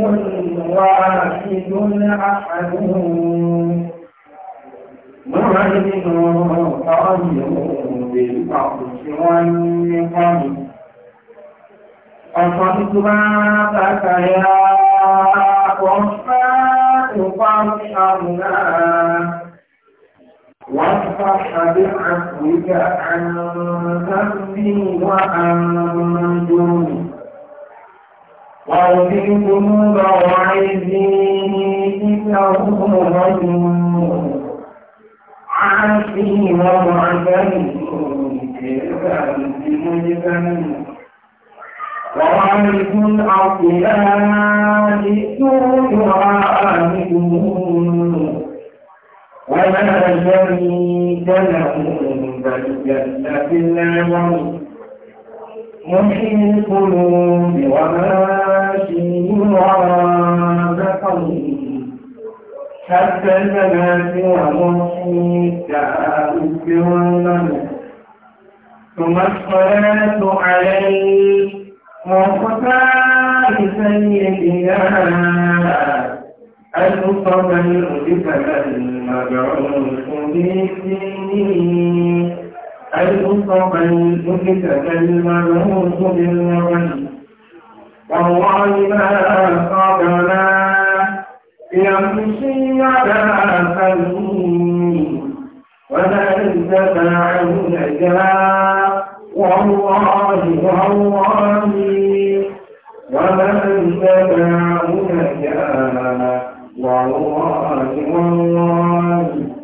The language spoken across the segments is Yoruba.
واحد أحد مهيمن قادر بالفرش والنقم أصبت بابك يا رحمن فارحمنا واصفح بعفوك عن ذنبي وعن دوني واغفر ذنوب وعزي إنه غيور عافي ومعتني وعارف الأطياء السوء وعاملون ولا شريك له بل جل في العظيم محيي القلوب وما فيه وعندكم حتى البنات ومحيي التعب والمنى ثم الصلاة عليه وخفاء سيدنا المصطفى الألف المبعوث بالسنين أيضا من ذكت كلمة نوت بالوجه والله ما قبلا يمشي على خلقه ولا يتبع النجاة والله والله ولا يتبع النجاة والله والله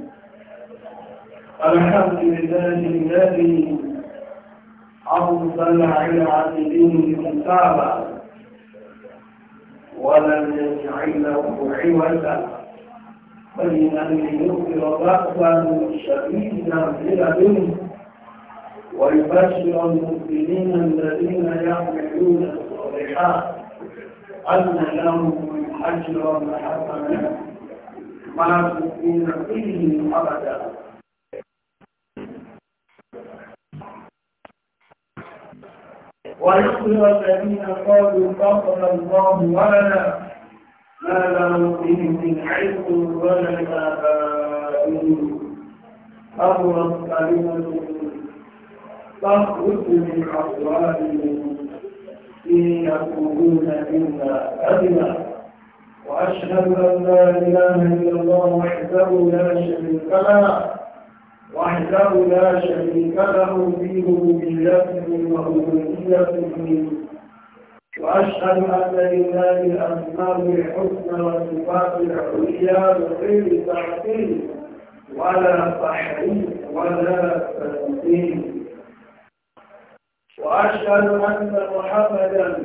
الحمد لله الذي أفضل على عبده كتابا ولم يجعله عوجا بل أن يظهر بأسا شديدا من لدنه ويبشر المؤمنين الذين يعملون الصالحات أن لهم أجرا حسنا ما تكون فيه أبدا ويخبر الذين قالوا فقر الله ولنا ما لهم به من علم ولا لآبائهم أمرت كلمة تخرج من أقوالهم إن يقولون إلا كذبا وأشهد أن لا إله إلا الله وحده لا شريك له وحده لا شريك له في ربوبيته وربوبيته وأشهد أن لله الأسماء الحسنى والصفات العليا بغير تعطيل ولا تحريف ولا تمثيل وأشهد أن محمدا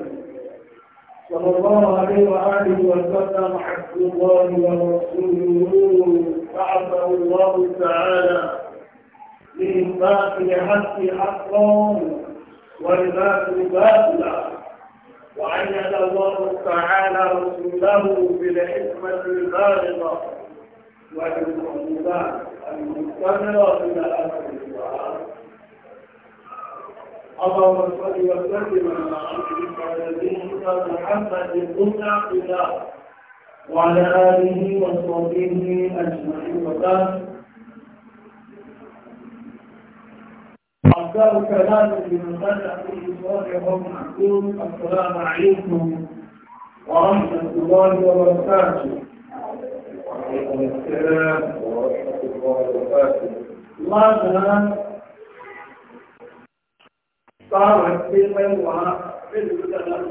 صلى الله عليه وآله وسلم عبد الله ورسوله بعثه الله تعالى لإنفاق حق حقا والباطل باطلا وعيد الله تعالى رسوله بالحكمة البالغة والمعجزات المستمرة إلى آخر الدعاء اللهم صل وسلم على عبدك ونبيك محمد الدنيا قدام وعلى آله وصحبه أجمعين وسلم أفضل كلام من بدأ بإصرارهم معقول السلام عليكم ورحمة الله وبركاته وعليكم السلام ورحمة الله وبركاته ماذا صار في الوعاء في الكلام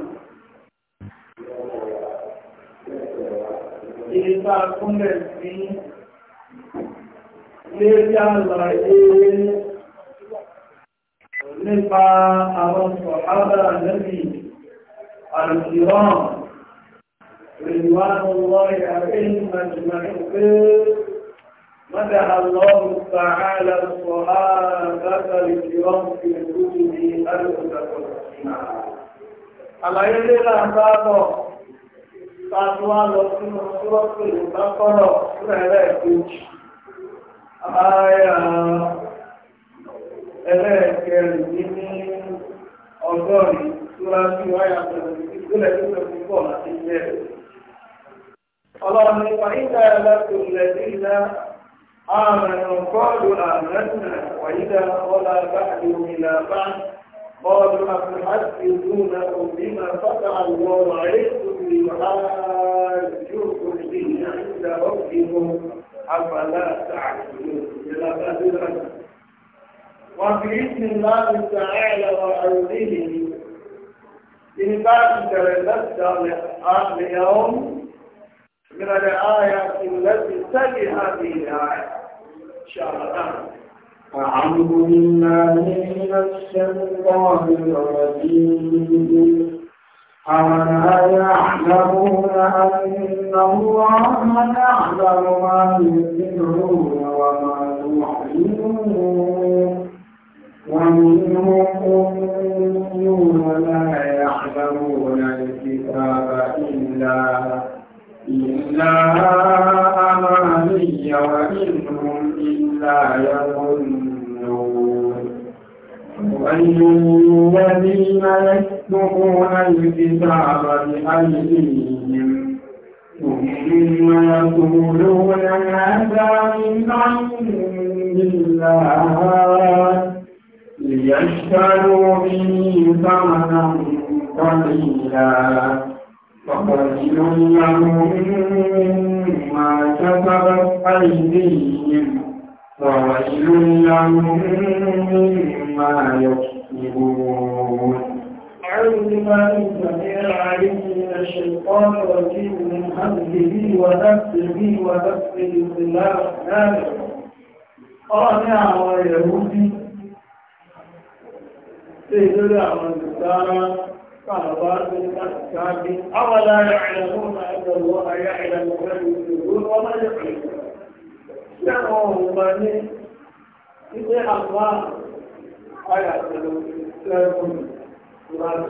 إذا كنت في ليس الله ثقة أبو الصحابة الذي الكرام رضوان الله عليهم أجمعين مدح الله تعالى الصحابة الكرام في كتبه الكتب على يدي الأحباب تطوال وسن رسول الله صلى الله عليه وسلم ẹlẹ́ẹ̀kẹrin ní ọgọ́rin túnrájú wáyà ìpínlẹ̀ tó fẹ́ fún bọ́ọ̀lù àti ìjẹ́ rẹ̀. ọlọ́run nípa ìdá ẹlẹ́tò ìrẹ̀lẹ́ ìdá ààrùn bọ́ọ̀lù àmẹ́sìnà wàyídá ọlá báàlù ìlà bá bọ́ọ̀lù àfihàtì ìdúnà òbí máa fọ́tà àwọn ọ̀rọ̀ ètò ìwàlájú òkùnrin ìyá ìdá ọ̀gbìn àgbàlá àti àgbàlá وبإذن الله تعالى وعوده إنبات تلذذ اليوم من الآيات التي تلي هذه الآية إن شاء الله أعوذ بالله من الشيطان الرجيم أولا يعلمون أن الله يعلم ما يسرون وما يعلنون ومنهم أميون لا يعلمون الكتاب إلا إلا أماني وإن إلا يظنون والذين يكتبون الكتاب بأيديهم ثم يقولون هذا من عند الله ليشتروا به ثمنا قليلا فقتلوا لهم مما كسبت أيديهم وويل لهم مما يكسبون أعوذ بالله من الشيطان الرجيم من همزه ونفسه ونفسه بالله قال يا سيدنا عن النسارى قال بعض الأحكام أولا يعلمون أن الله يعلم ما يسرون وما يعلمون يعلمون من إذا الله آية الإسلام قرآن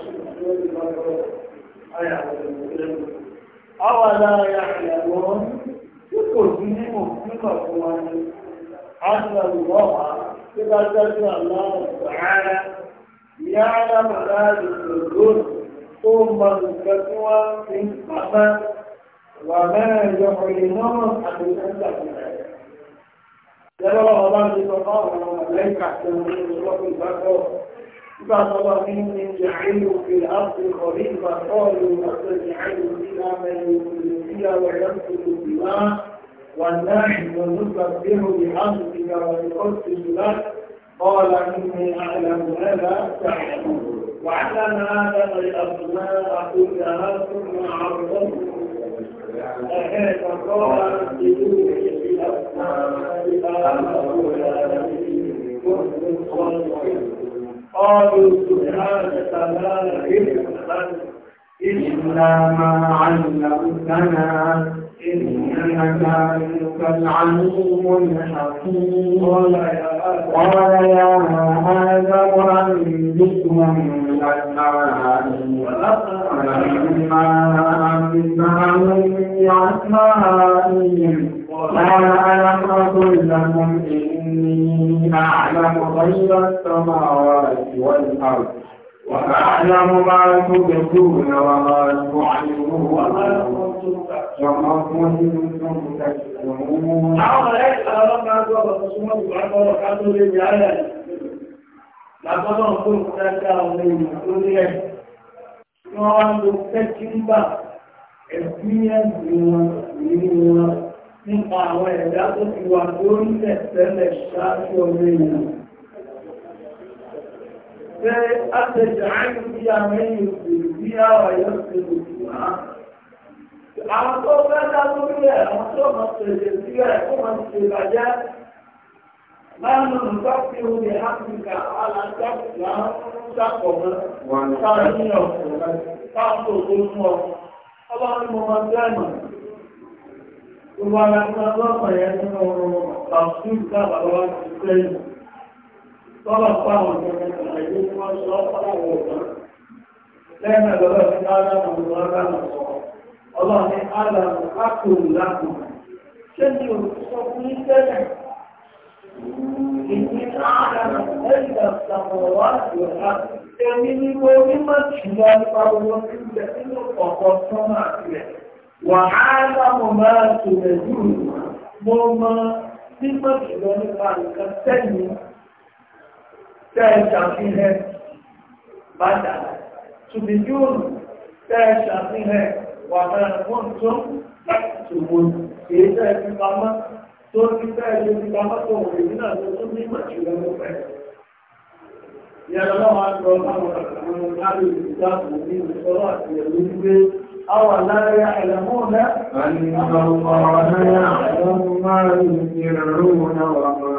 آية الإسلام أولا يعلمون يقول بهم يقول أن الله إذا تدعى الله تعالى يعلم ما يسرون ثم الفتوى في السماء وما يعلنون عن الأسف لما رمضان في الله ليس أحسن من الله البشر بعد الله من جعله في الأرض خليفة قالوا لقد جعلوا فيها من يؤمن فيها ويمسك الدماء والناس نسبح بحمدك ونقدس لك قال إني أعلم ما لا تعلمون وعلم آدم الأسماء كلها ثم عرضهم فقال انزلوا في الأسماء قالوا سبحانك لا علم لنا إلا ما علمتنا إنك أنت العليم الحكيم قال يا آدم أنبئهم بالأسماء فلما أنبأهم بأسمائهم قال ألم أقل لهم إني أعلم غير السماوات والأرض وأعلم ما تبدون وما تعلمون وما كنتم تكتمون Lágbọ́dọ̀ fún ìdájá ọmọ ènìyàn tó ní ẹ̀. Wọ́n wá ló tẹ́kí ń bà ẹ̀bí ẹ̀bí wọn nínú wọn nípa àwọn ẹ̀dá tó ti wà tó ń tẹ̀tẹ́lẹ̀ ṣáájú ọmọ ènìyàn. فأتجعل فيها من يفسد فيها ويفسد فيها àwọn tó bá dábò bílẹ̀ àwọn tó mọ̀ tẹ̀lé sílẹ̀ kó mọ̀ tẹ̀lé bàjẹ́ láàánú nípa tí ó lè áfíríkà alájọ́pù láàánú sàkọ̀mọ́ sáà ní ọ̀pọ̀ táwọn tó ọ tọ́lọ̀ pàwọn ìjọba ìgbàlẹ̀ tí wọ́n sọ pàwọn òkàn lẹ́yìn lọ́lọ́ sí aláàmù aláàmù ọlọ́ni aláàmù ákùrù láàmù ṣé ní òṣìṣọ́ fún ìtẹ́lẹ̀ ìní aláàmù tẹ́ ṣàfihàn bàtà tùbìjúùnù tẹ́ ṣàfihàn wà náà wọ́n tó ṣòwò èyí tẹ́ fi pamọ́ tó ti fẹ́ ṣe fi pamọ́ tó wò lè nínú àwọn tó ní ìmọ̀jú lọ́wọ́ fẹ́. Ìyàrá náà wá lọ láwọn àwọn lábẹ́ ìdáàbò ní ìṣọ́rọ̀ àti ẹ̀rọ wípé àwọn aláàrẹ àìlẹ́mọ́ ń fi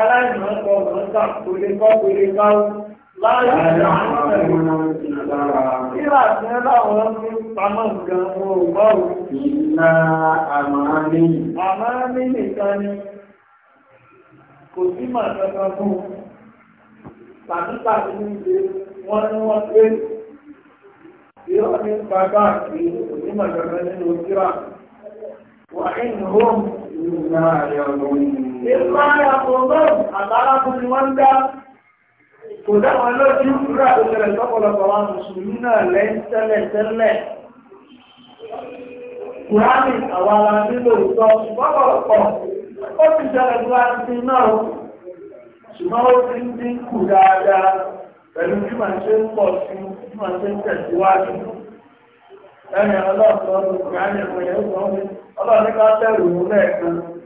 aláìmọ̀ kọ mọ̀ọ́kà kò lè kọ́ kò lè káwó láàrín àwọn ọmọ ìrà tí ó láwọn ń pamọ́ nǹkan wọn ò bá òun. ìlà àmàmì. àmàmì nìkan ni kò sí màá kankan fún un tàbí tàbí Ìgbà àkọ́kọ́ àgbára fún ni wọ́n dá kò dáwọn lójú rà tó tẹ̀lẹ̀ lọ́pọ̀lọpọ̀ wa mùsùlùmí náà lẹ́yìn tẹ́lẹ̀ Kùránì àwọn ara nílò ìtọ́ lọ́pọ̀lọpọ̀ ó ti tẹ̀lẹ̀ tó láti ti náà ṣùgbọ́n ó ti ń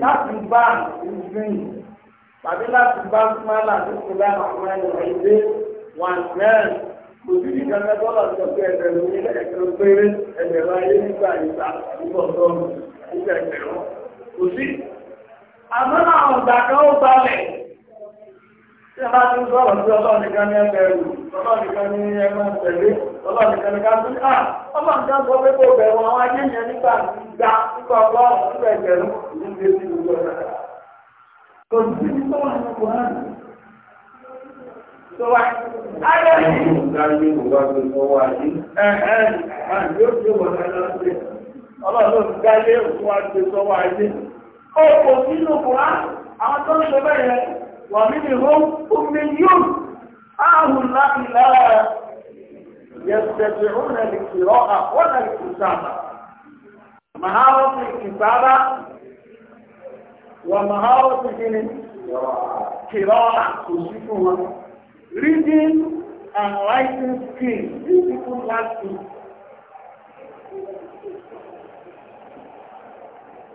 láti bá ìsìn tàbí láti bá súnmọ́lá tó kó lára àwọn ẹ̀rọ ìdè wọn náà kò sí ní kankan tó lọ sọ pé ẹgbẹ̀rún ní ẹgbẹ̀rún péré ẹgbẹ̀rún ayé nígbà ìgbà ìbọ̀ sọ́ọ̀nù ìgbẹ̀rún kò sí. àmọ́ àwọn ìgbà kan ó balẹ̀. Tí a bá ti ní ah, sọ pé Ó kò sínú kùrá, àwọn tó ń ومنهم أميون أهل لا إله يستطيعون القراءة ولا الكتابة مهارة الكتابة ومهارة القراءة تشوفها reading and writing skills these people lack it.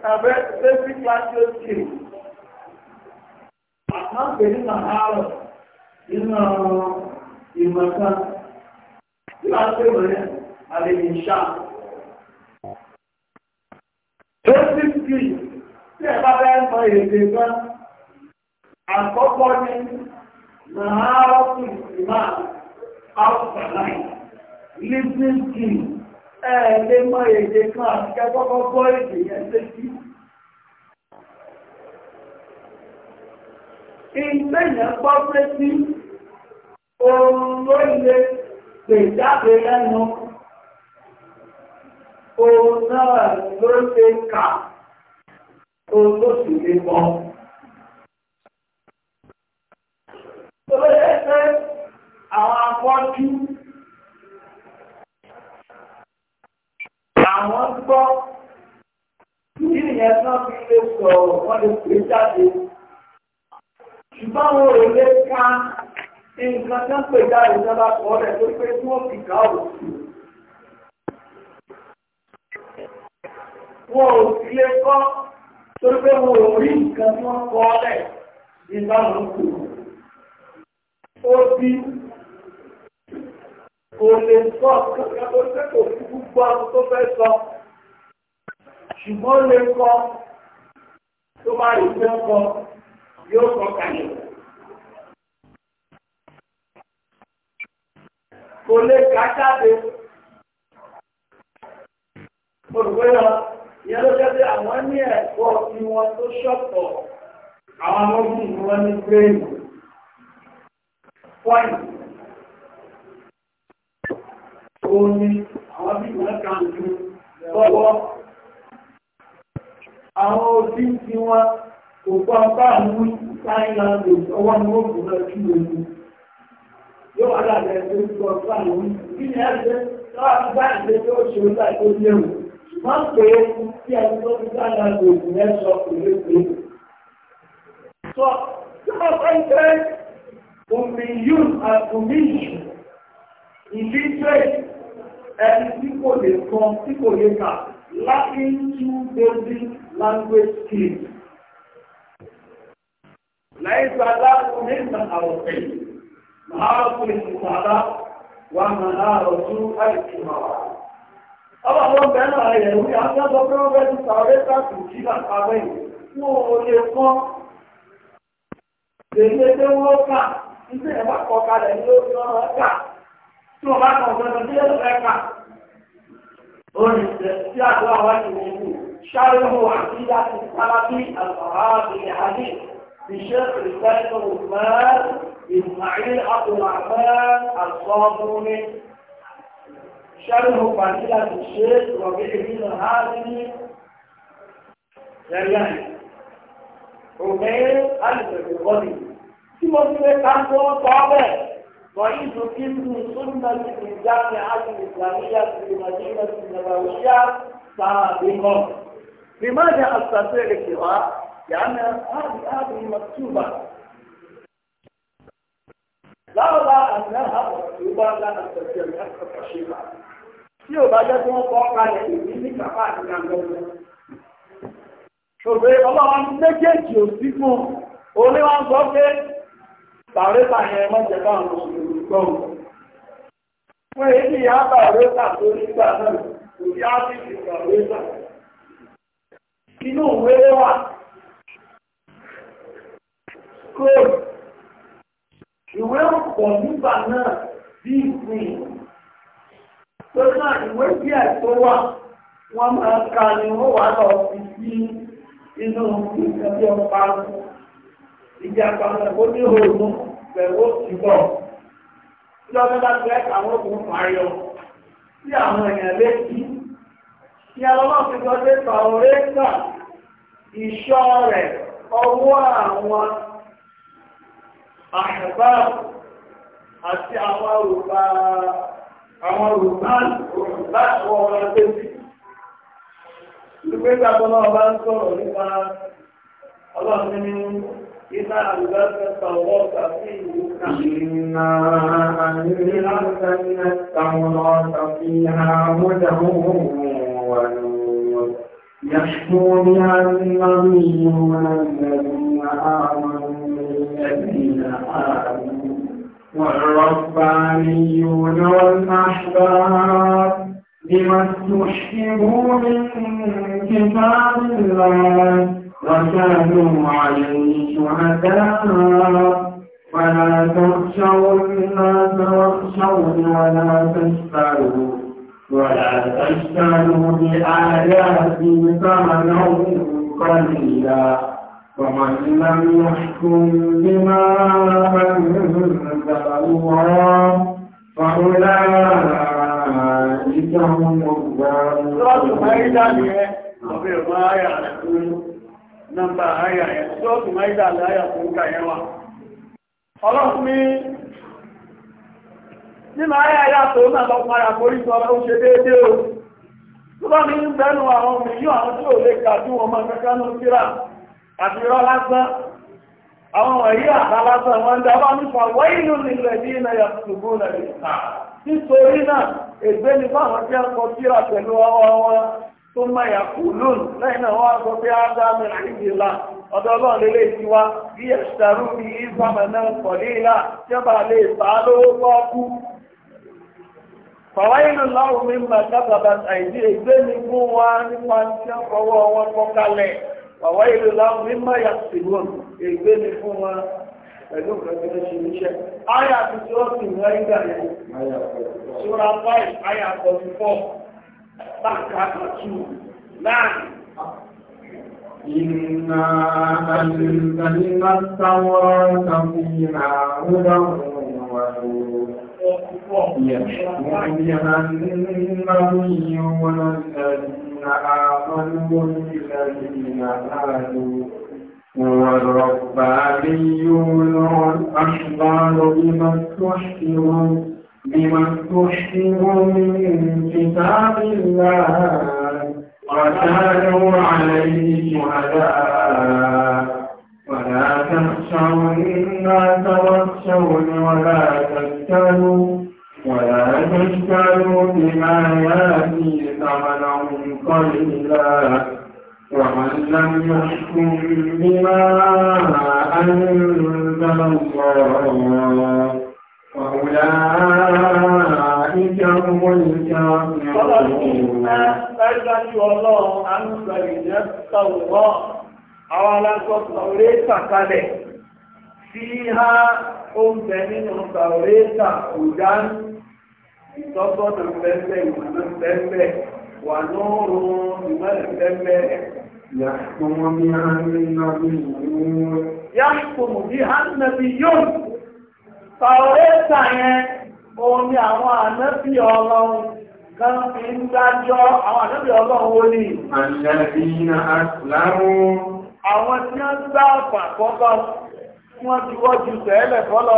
Abẹ́ basic language skills àpapẹ̀ nínú àárọ̀ nínú a pè wọ́n yẹn àlejò ṣá. Lọ́sìkì tí ẹ bá fẹ́ sọ èdè kan, àkọ́kọ́ ni Nàárọ̀ tó àti kẹ́kọ́kọ́ èdè yẹn létí. ìgbẹ̀yàn gbọ́ pé sí ohun ló lè pè jáde lẹ́nu ohun náà ló lè kà ohun tó sì lè mọ́. Tọ́lá yẹ pé àwọn afọ́jú àwọn gbọ́ kí ìyẹn náà fi lè sọ̀rọ̀ wọ́n lè pè jáde ṣùgbọ́n wọn ò lè ka nǹkan tó ń pè dá ìjọba kọ́ rẹ̀ tó pé tí wọ́n fi ká òkú. Wọn ò sí lè kọ́ torí pé wọn ò rí nǹkan tí wọ́n kọ́ rẹ̀ ní báwọn kù. Ó bí kò lè sọ kankan tó kò sí gbogbo àwọn tó fẹ́ sọ. Ṣùgbọ́n lè kọ́ tó bá rí fẹ́ kọ́ yóò kọ́ kalẹ̀. Kò lè ká jáde. Olùgbéyà ìyẹn ló jẹ́ pé àwọn ní ẹ̀kọ́ tí wọ́n tó ṣọ̀pọ̀ àwọn ọmọdún ni wọ́n ní gírèmù. Fọ́ìn. Òun ni àwọn bí wọ́n kàn ju lọ́wọ́. Àwọn òbí tí wọ́n òkú apá àwọn sign language ọwọ́ ni wọ́n yóò ẹgbẹ́ àwọn bá tó ṣe tó pè é. ẹni ليس له مما أرقي مهارة المطالعة ومهارة الكبار Àwọn àwọn ọmọ ẹ̀nà àyẹ̀wò yà ń gbọ́ pé wọ́n bẹ́ẹ̀ ti sàárẹ́ káàkù jí àkàwẹ̀ wọn ò lè kọ́. Lèlé pé wọ́n kà nígbà ẹ̀bá kọ kalẹ̀ ní orí ọ̀rọ̀ ẹ̀ka tí wọ́n bá kàn fún ẹ̀ka tí yẹ́lò ẹ̀ka. Orin ìṣẹ̀ sí àdúrà wájú ìwé ṣáré wọn àti yá ti sára bí àgbàrá àti ìhàdí. للشيخ الثالث والثمان إسماعيل عبد الرحمن الصابوني شرح فضيلة الشيخ ربيع الدين الهادي جريان يعني عمير ألف الغني في مصر كان طابع رئيس قسم سنة في الجامعة الإسلامية في المدينة النبوية سابقا لماذا أستطيع القراءة؟ Ya na مكتوبة لولا أنها مكتوبة لأن تسير أكثر شيئا tí o bá jẹ́ tí wọ́n kọ́ kalẹ̀ ìdí ní kàfà àti kàngọ́gbọ́. ṣògbé ọlọ́wọ́n méjèèjì ò sí fún orí wọn sọ pé bàrẹ́ta yẹn wọ́n jẹ bá àwọn òṣèlú gbọ́n. fún èyí ìyá claim. Ìwé ọ̀pọ̀ nígbà náà bí ìsìn. Tó náà ìwé díẹ̀ tó wà, wọ́n máa ka ni wọ́n wà lọ fi sí inú ìjọba ọ̀pá. Ìjàpá ó ní pẹ̀lú ìbọ̀. bá àwọn sí àwọn èèyàn létí. Ìyá ti sọ̀rọ̀ ìṣọ́ rẹ̀ ọwọ́ àwọn àṣẹ̀báà àti àwọn òrùbá àwọn òrùbá òrùbá ọ̀rọ̀ àtẹ́sí. Lúgbẹ́gbà tó náà bá ń sọ̀rọ̀ nípa ọlọ́run ní iná àrùbá بها النبيون الذين آمنوا والربانيون والأحباب بما استحكموا من كتاب الله وكانوا عليه شهداء فلا تخشوا الناس واخشوني ولا تشتروا ولا تشتروا بآياتي ثمنا قليلا ومن لم يحكم بما أنزل الله فأولئك هم الظالمون eh, Nọ́mbà ayà ẹ̀ tó tún máa ìdàlẹ̀ ayà tó ń ka ẹwà. Ọlọ́run ní nínú ayà ayà tó náà lọ kórí o. Tó bá ń bẹ́nu àwọn àti irọ́ lásán àwọn wọ̀nyí àbá lásán wọn ń dábàá nípa wáyìlú nílẹ̀ ní iná yà ṣubú náà lè ta nítorí náà ègbé ni fáwọn tí wọn kọ síra pẹ̀lú ọwọ́ wọn tó má yà lónìí lẹ́yìn náà wọn sọ pé ádámù àìyílá ọ̀dọ̀ ọlọ́run lè lè ti wá bí ẹ̀ṣẹ̀rú náà lè bá lówó àìdí ègbé fún nípa tí wàwá ìlú láwọn mímọ́ yàtìwọ̀n ègbé ni fún wọn pẹ̀lú ìrẹ́gbẹ́ ṣe iṣẹ́ àyà tí tí ó sì ń rẹ́ ìgbà yẹn ṣúra 5 àyà 44 báńkà àtú láàrin Inna alìsànlá sáwọ́ta fíra rúdà wa nuru. Yẹ̀ mú ní àmì nínú ìyọ̀wọ̀n آمنوا الذين هادوا والربانيون والأحضار بما استحكموا بما استحكموا من كتاب الله وكانوا عليه شهداء ولا تخشوا الناس واخشوني ولا تشتروا ولا تشتروا بآياتي ثمنا قليلا ومن لم يحكم بما أنزل الله فأولئك هم الكافرون. Àwọn alákọ̀ọ́sọ̀ orí ìtàkalẹ̀ sí ha oúnjẹ nínú ọ̀sà orí ìtàkùdánù ìtọ́gbọ́nà pẹ́pẹ́ ìmọ̀nà pẹ́pẹ́ wà lóòrùn ìmọ̀lẹ̀ pẹ́pẹ́ Yàkùnmọ̀ bí a ń rí náà bí yóò. Tàwọ́rẹ́ta yẹn, àwọn ọlọ́run kan fi ń dájọ́ àwọn ọlọ́run ó ní. na àtìláwọ́. Àwọn tí wọ́n gbá àpà kọ́kọ́, wọ́n ti wọ́jú tẹ́lẹ̀ fọ́lọ́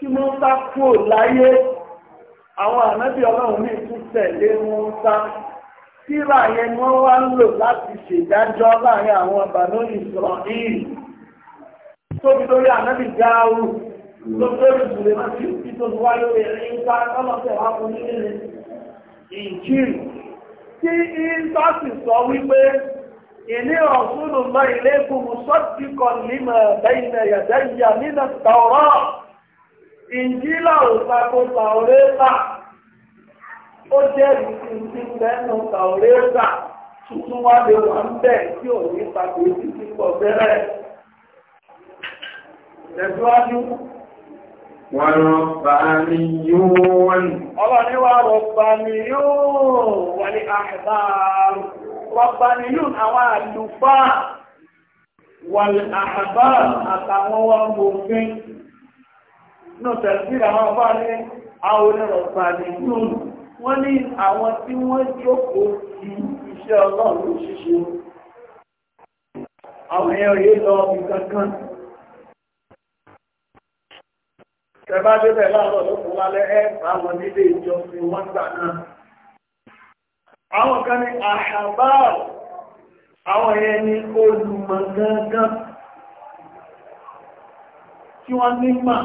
tí wọ́n bá kú láyé àwọn ànábì ọlọ́run ní tún tẹ̀lé wọn sá síra yẹn ni wọ́n wá ń lò láti ṣèdájọ́ láàrin àwọn àbànú ìsọ̀rọ̀ yìí tóbi lórí ànábì dáhùn lóbi lórí ìṣòro náà tí ó tó wáyé rẹ̀ ń sá tọ́lọ́sẹ̀ wá fún nílé ìjírì tí ìsá sì sọ wípé ìní ọ̀sùn lùmọ̀ ilé kùmù sọ́ọ̀tì kan nímọ̀ ẹ̀bẹ̀ ìnẹ̀yẹ̀dẹ̀ nínú tọ̀rọ̀ ìjìlá òtakòta òrẹ́ta ó jẹ́ ìsinmi lẹ́nu ta òrẹ́ta tuntun wá lè wà ń bẹ̀ tí ò ní pàtó títí pọ̀ bẹ́rẹ̀. Tẹ̀síwájú. Wọ́n rọ̀bà ní yóò wọ́n. yóò wà ní àṣà. yóò àwọn àlùfáà wà ní náà tẹ̀síra wọn bá ní àwọn onírọ̀gbà nìyí wọ́n ní àwọn tí wọ́n jókòó ti iṣẹ́ ọlọ́run ṣíṣe àwọn èèyàn yìí lọ ìkankan tẹ̀bá débẹ̀ láàrọ̀ lókun lálẹ́ ẹ̀ àwọn nílé ìjọsìn wọ́n gbà náà àwọn kan ní àṣàbáàrù àwọn èèyàn ní olùmọ̀ gangan tí wọ́n ní máa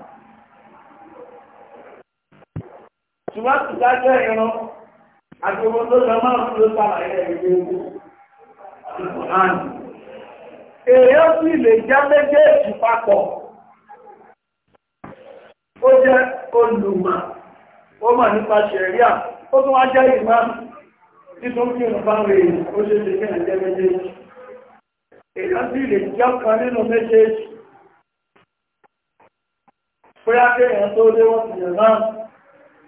ṣùgbọ́n ìdájọ́ ìran àti tó lọ máa ń ló sàlàyé ẹ̀rẹ́ ìgbòhánì. Èrè ó sì lè já méjèèjì papọ̀. Ó jẹ́ olùmọ̀, ó mọ̀ nípa ṣẹ̀ríà, ó tún wá jẹ́ ìmá títún kí n bá rè ó ṣe ṣe ní méjèèjì. Èrè ó sì lè nínú méjèèjì.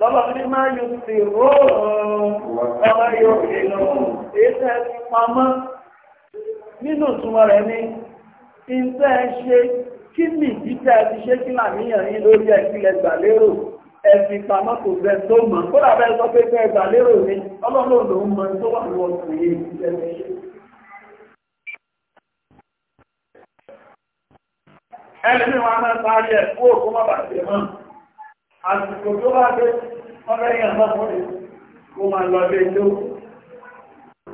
lọ́lọ́ ní máa yóò sì ró ọmọ yóò lè lọ èéṣẹ́ ti pamọ́ nínú ìtumọ̀ rẹ̀ ni iṣẹ́ ṣe kí ni ìdíjẹ́ ti ṣe kí làníyàn yín lórí ẹ̀kílẹ̀ gbà lérò ẹ̀sìn pamọ́ kò bẹ tó mọ̀ kó dàbẹ́ sọ pé fẹ́ gbà lérò ni ọlọ́run ló ń mọ tó wà ní àsìkò tó bá dé ọmọ èèyàn lọ́kùnrin kó máa lọ lé tó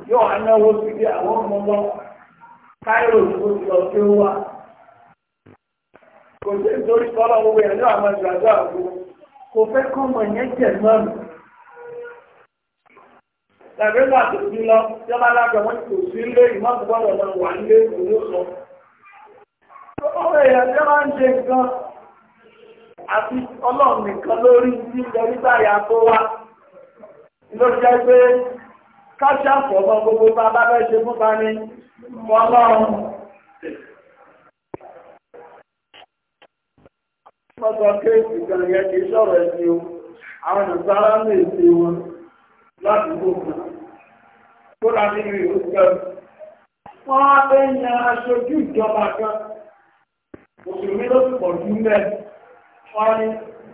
yóò wá náwó sí bí àwọn ọmọ lọ káírò tó ti lọ sí wá kò sí nítorí kọ́lá owó ẹ̀ ní àwọn ìgbàgbọ́ àgbo kò fẹ́ kọ́ mọ̀ yẹn jẹ̀ náà nù. tàbí wà tó ti lọ yọba lágbà wọn kò sí lé ìmọ̀gbọ́dọ̀ náà wà ń lé sọ. ọmọ èèyàn tí wọ́n ń ṣe gan àti ọlọ́run nìkan lórí tí ń bẹ tó wá ló jẹ́ pé káṣá fọ̀mọ́ gbogbo bá bá ṣe fún bani ọlọ́run. kéèkì kan yẹn sọ̀rọ̀ o, àwọn ìsára ń lè ṣe wọn láti gbogbo. Tó ra nínú ìlú kan. Wọ́n á fẹ́ yan aṣojú ìjọba kan. Òṣèlú ló pọ̀ jù wọ́n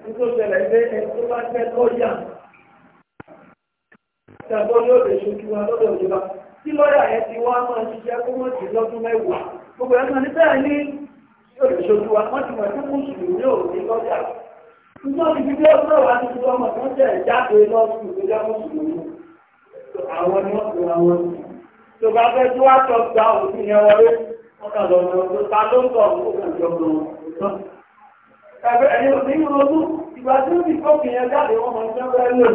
nítorí ṣẹlẹ̀ pé ẹni tó bá jẹ́ lọ́ọ̀yà ṣàgbọ́ yóò lè ṣojú wa lọ́dọ̀ ìjọba tí lọ́ọ̀yà yẹn ti wá máa ṣiṣẹ́ kó mọ̀ sí lọ́dún mẹ́wàá gbogbo ẹ̀ máa ní bẹ́ẹ̀ ní yóò ṣojú wa wọ́n ti mọ̀ sí mùsùlùmí ò ní lọ́ọ̀yà nítorí bíbí ọdún náà wà ní ìlú ọmọ kan jẹ́ ìjáde lọ́sùn tó já mùsùlùmí àwọn ni wọ́n fi àwọn tó bá fẹ́ tí wọ́n á gba òfin yẹn wọlé wọ́n kà lọ́nà ẹ̀bẹ̀ ẹ̀yìn òní ronú ìgbà tí ó ti kọ́kì yẹn jáde wọ́n máa jẹ́ bẹ́ẹ̀ lò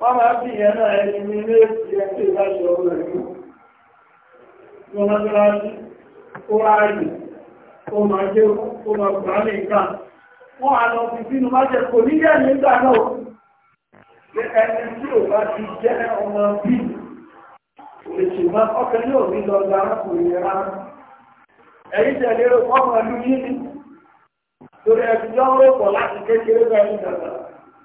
wọ́n máa bí ìyẹn náà ẹni ní ilé ìyẹ́kẹ́ ìdájọ́ ọ̀rọ̀ ìlú lọ́mọdúnlájú ó ráàyè ó máa jẹ́ ó máa gbà ní ìgbà wọ́n á lọ fi sínú má jẹ́ kò ní ẹ̀yìn tẹ̀lé ọmọ ìlú yìí torí ẹ̀sùn yọ́ ń rọ̀pọ̀ láti kékeré pẹ̀lú ìjọba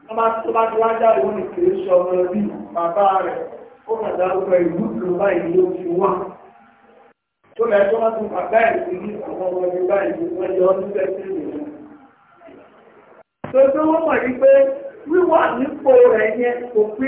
ọmọ tó bá ti wájá ìwọ̀n ìkèrè sọmọ bí bàbá rẹ̀ ó kàdá ọgbẹ̀ ìlú tó bá ìlú ti wá tó lẹ́ tó máa tún bàbá ní ọmọ ọmọ ìgbà ìlú wọ́n yọ ọdún ìlú tó tó wọ́n mọ̀ ní pé wíwà rẹ̀ yẹn kò pé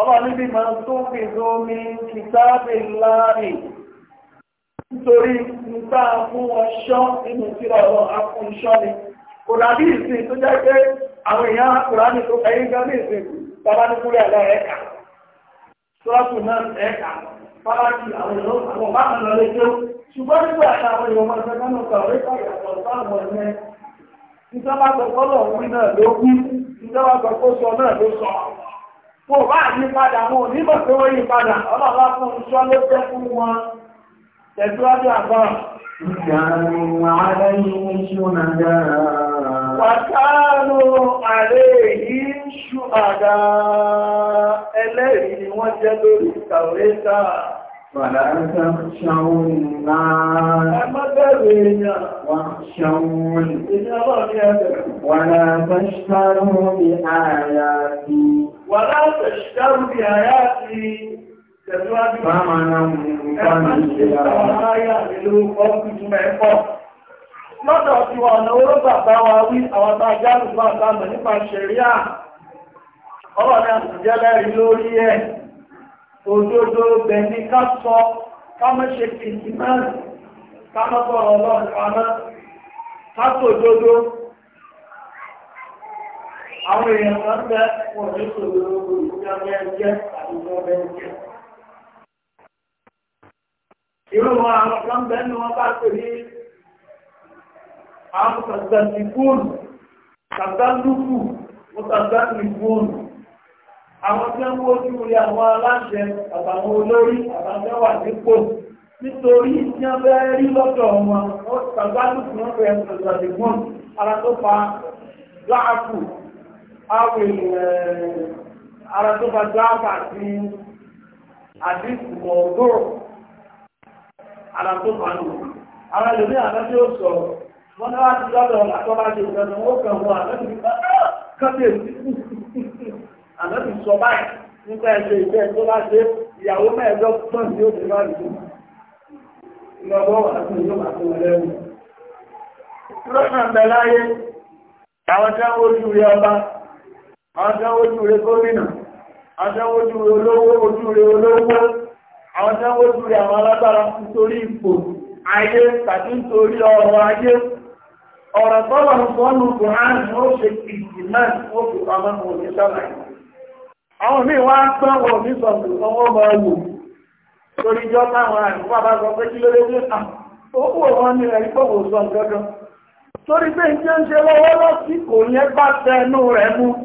ọlọ́ni bí ma tó fi lómi kìtàbí láàrin nítorí nígbà fún ọṣọ́ nínú tíra ọ̀rọ̀ afún iṣọ́ ni kò dàbí ìsìn tó jẹ́ pé àwọn èèyàn kùránì tó fẹ́ yín gánà ìsìn bàbá ní kúrẹ́ ẹ̀ka náà ẹ̀ka àwọn èèyàn bá lọ lé tó ṣùgbọ́n nígbà àwọn èèyàn Mo bá yí padà mú nígbà tí wọ́n yí padà, ọlọ́lá fún iṣọ́ ló jẹ́ fún wọn. Tẹ̀síwájú àgbọ́n. Ìyàrin àárẹ́ yìí ń ṣúnà dáa. Wàtánù àárẹ́ yìí ń ṣúnà ẹlẹ́rìí ni wọ́n jẹ́ lórí ìtàwẹ́ta. Wàlá ń ṣàwọn náà. Ẹgbẹ́gbẹ̀rẹ̀ èèyàn. Wà ṣàwọn. Ìjọba ni wàlá tẹ̀síkárù bí àyá ti tẹ̀síwájú lọ́dọ̀ tí wà ọ̀nà oró bàbá wa àwọn ká àwọn èèyàn kan bẹ wọn ní sòrò ìjọba ẹjẹ àti ìjọba ẹjẹ. irú wọn àwọn kan bẹ ní wọn bá pè ní àwọn kàgbàgbì fóònù kàgbàgbùkù wọn kàgbàgbì fóònù àwọn tí wọ́n wójú rí àwọn aláṣẹ àtàwọn olórí àtàwọn àdípò nítorí tí wọ́n bẹ́ rí lọ́dọ̀ wọn ó kàgbàgbùkù wọn fẹ́ kàgbàgbì fóònù ara tó fa láàkù àwọn ara tó bá dáàbà sí àdínkù ọ̀dọ́rọ̀ ara tó bá lò ara lè ní ó sọ wọ́n náà ti lọ́dọ̀ àtọ́lá ṣe ó kàn wọ́n àdájí ah, kọ́tẹ̀ sọ bá àti ìjọba tó àwọn tí rí ọba àdáwójú rẹ̀ gómìnà àdáwójú rẹ̀ olówó ojú rẹ̀ olówó àwọn rẹ̀ àwọn alágbára nítorí ipò ayé tàbí nítorí ọrọ̀ ayé ọ̀rọ̀ tọ́wọ̀ nǹkan nù kùnrin ó ṣe kìkì náà ó fi pamọ́ mọ̀ àwọn wá ń tán wọ̀ ní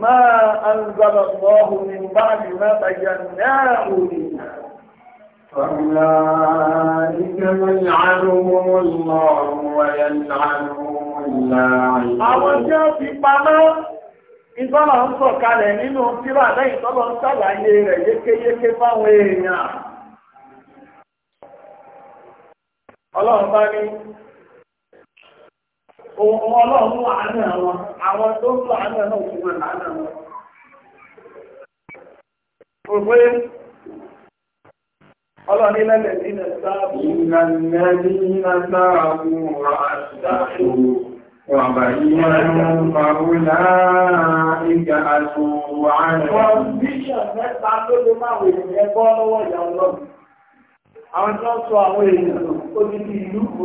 ما أنزل الله من بعد ما بيناه للناس فأولئك يلعنهم الله ويلعنهم اللاعبون Àwọn tí ó fi pamọ́ ìtọ́lọ̀ ń sọ kalẹ̀ nínú tírà lẹ́yìn tọ́lọ̀ ń ṣàlàyé rẹ̀ yékéyéké fáwọn èèyàn. Ọlọ́run bá ní Òun ọlọ́run àánú àwọn, àwọn tó ń lọ àánú tí sọ àwọn èèyàn ti di ìlú kò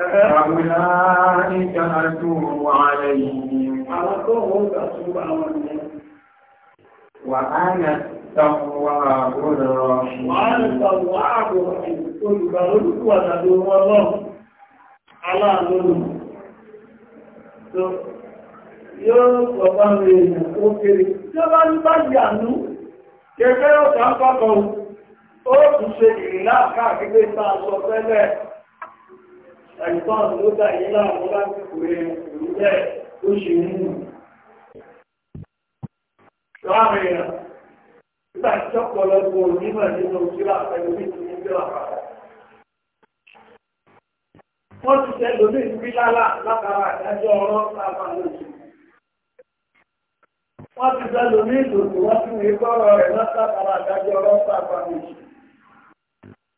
أولئك أتوب عليهم وأنا ó bá ṣe ìrìnlá káàkiri sọ fẹ́lẹ̀ ẹ̀gbọ́n ló dá yí láàmú lásìkò rẹ̀ ìlú jẹ́ ó ṣe ń mú. Láàrin rẹ̀, nígbà tí ọ̀pọ̀lọpọ̀ onímọ̀ nínú kíra pẹ̀lú ní ti ní àpàdà. Wọ́n ti látara ọ̀rọ̀ sábà lóṣù. Wọ́n ti ìdòdò wọ́n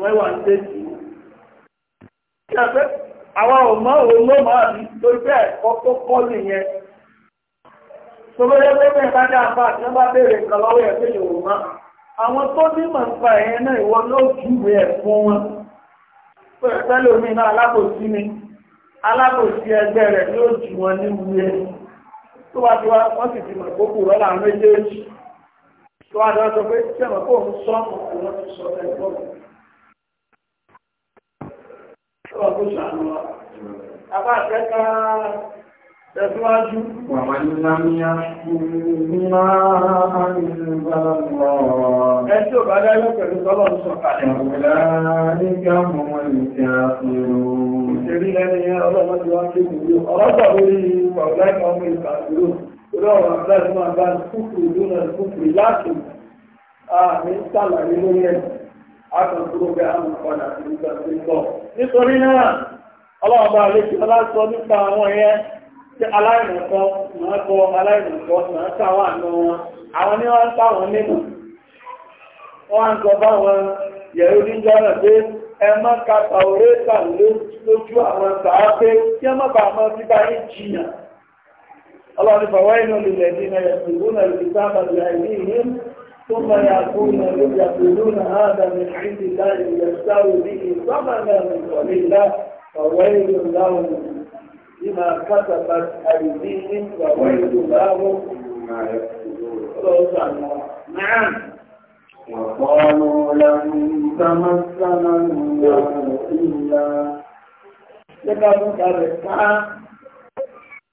wọ́n wà ń tẹ́jì àwọn ọmọ òun máa rí lórí pé ẹ̀kọ́ tó kọ́ nìyẹn tó bẹ́rẹ̀ pé bẹ́ẹ̀ bá dá àpá àti wọ́n bá bèèrè nǹkan lọ́wọ́ ẹ̀ pé yòó má àwọn tó ní mọ̀ nípa ẹ̀yẹn náà ìwọ ló júwe ẹ̀ fún wọn pé ẹ̀fẹ́ lómi náà alábòsí ni alábòsí ẹgbẹ́ rẹ̀ yóò jù wọn ní wúyẹ tó wá ti wá wọ́n sì ti mọ̀ kókò rọ́lá méjèèjì tó wá dọ́ sọ pé sẹ́wọ̀n kó òun sọ́ọ̀mù òun ti sọ ọdún ṣàánú wa. Àbá àtẹ́ká tẹ̀síwájú. Wà máa ní lámíyá ní máa ń bá lọ. Ẹ tí ò bá dájú pẹ̀lú tọ́lọ̀ ń sọ kalẹ̀. Ọ̀gá nígbà mọ́ ìṣẹ́ àfihàn. Ìṣèrí lẹ́ni ọlọ́mọ ti wá sí ìlú. Ọlọ́gbà lórí ọ̀gá ìkọ̀ ọmọ wọ́n tí nítorí náà ọlọ́ọ̀bá àlejò aláṣọ nípa àwọn ẹ̀yẹ tí aláìmọ̀kọ́ máa kọ aláìmọ̀kọ́ máa sáwà nù wọn àwọn ní wọ́n sáwọn nínú wọ́n ń sọ báwọn yẹ̀rù níjọ́rọ̀ pé ẹ má ka pàórẹ́tà lójú àwọn sàápé tí ẹ má mọ́ sí jìyàn inú ثم يقولون يقولون هذا من عند الله يستوي به ثمنا من الله فويل لهم بما كتبت أيديهم وويل لهم بما يكتبون نعم وقالوا لن تمسنا النار إلا لقد هذا نعم.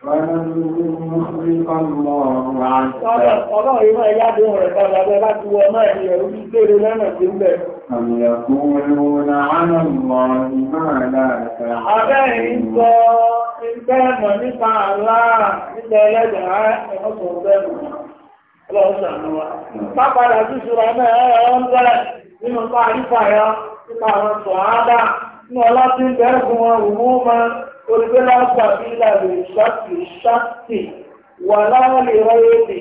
Ọlọ́run ìmọ̀ ẹ̀yá bí wọ́n rẹ̀ padà bẹ́ bá ti wọ ọmọ ẹ̀yẹ̀ orí gbèrè lọ́nà tí ń bẹ̀. Àmì ẹ̀kún ẹ̀rùn àwọn ọmọ ìmọ̀ àdáàkà. Abẹ́ ìsọ nípa àlá nípa ẹlẹ́gbẹ̀ ẹ̀mọ́sọ̀ bẹ́ẹ̀mù. Ọlọ́run ṣàánúwà. Pápádà ní ọlá tí ń bẹ̀rẹ̀ fún wọn òun ó máa olùgbélá gbàgbé ìlànà ìṣàkì ìṣàkì wà láwọn lè rọ́yé dè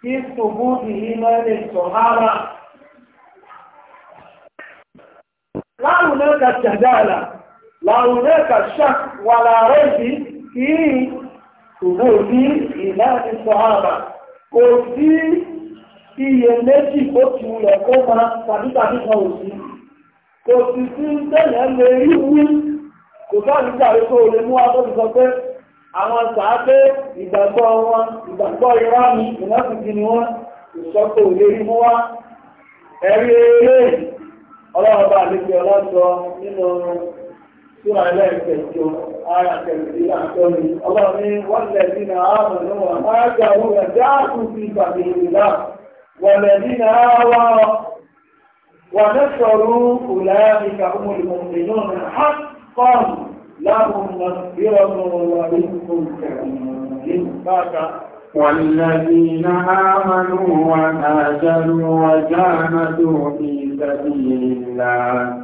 kí ṣùgbọ́n ìyí máa lè sọ̀hárà. láàrùn náà ka jàdáàlà láàrùn náà ka ṣàk wà láàrẹ́ ìdí kí ṣùgbọ́n ní ìlànà kò sí iyèméjì tó ti wulẹ̀ kó máa tàbí tàbí kan ò sí. kò sì sí tẹ́lẹ̀ lè rí wí kò sáàrí jàre tó lè mú sọ pé àwọn sàábé ìgbàgbọ́ wọn ìgbàgbọ́ irá mi ìnáfìkì ni wọ́n ìsọ́kò lè rí mú wá ẹ̀rí eré ọlọ́ọ̀bá àlejò nínú ní wọ́n lẹ̀ nínú ààrùn ní wọn ونصروا أولئك هم المؤمنون حقا لهم مغفرة ورزق كريم والذين آمنوا وهاجروا وجاهدوا في سبيل الله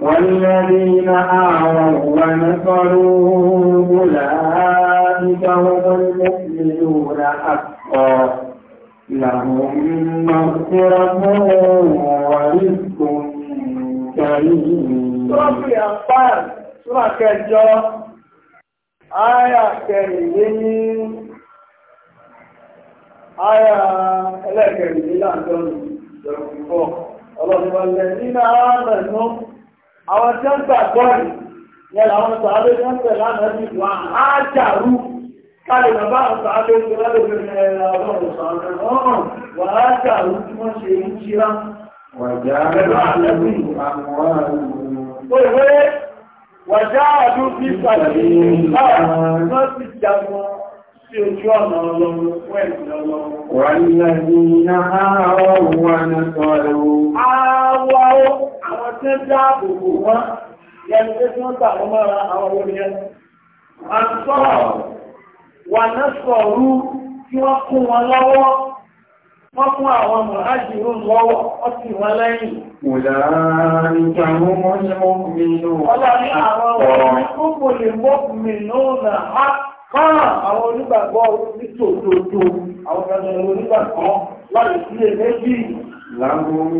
والذين آووا ونصروا أولئك هم المؤمنون حقا لهم مغفرة ورزق كريم سورة الأنفال سورة كجو آية كريم آية لكن إلى Ọlọ́run ọlẹ́ nínú àwọn ẹ̀nú àwọn tí ó ń gbàgbọ́ rí, yẹ́ làwọn ọ̀sọ̀ abẹ́jọ́ ń tẹ̀ lánàá sí ìwọ̀n àájàrú káàlì bàbá àtà abẹ́gbẹ̀ lábẹ̀gbẹ̀ ọlọ́run sọ̀rọ̀ ọ̀rọ̀ wà á jà àwọn tí wọ́n ṣe ń ṣíra wàjá àdún sí pàdé láàrín sí jàmọ́ sí ojú ọ̀nà ọlọ́run fún ẹ̀sìn ọlọ́run wà nílẹ̀ ní àárọ̀ wà ní sọ̀rọ̀ àwọ̀ àwọn tí ń dáàbò bò wọ́n yẹn tí wọ́n tàbí mọ́ra àwọn olóyẹ wà náà sọ̀rú tí wọ́n kún wọn lọ́wọ́ wọ́n fún àwọn mọ̀hájìrò lọ́wọ́ ọtí wọn lẹ́yìn. Mùlá ní kí àwọn ọmọ ní mọ́ mi náà. Ọlá ní àwọn ọmọ tó kò lè mọ́ mi náà nà kọ́nà àwọn onígbàgbọ́ àwọn ọmọ onígbàgbọ́ láti sí èméjì. Láwọn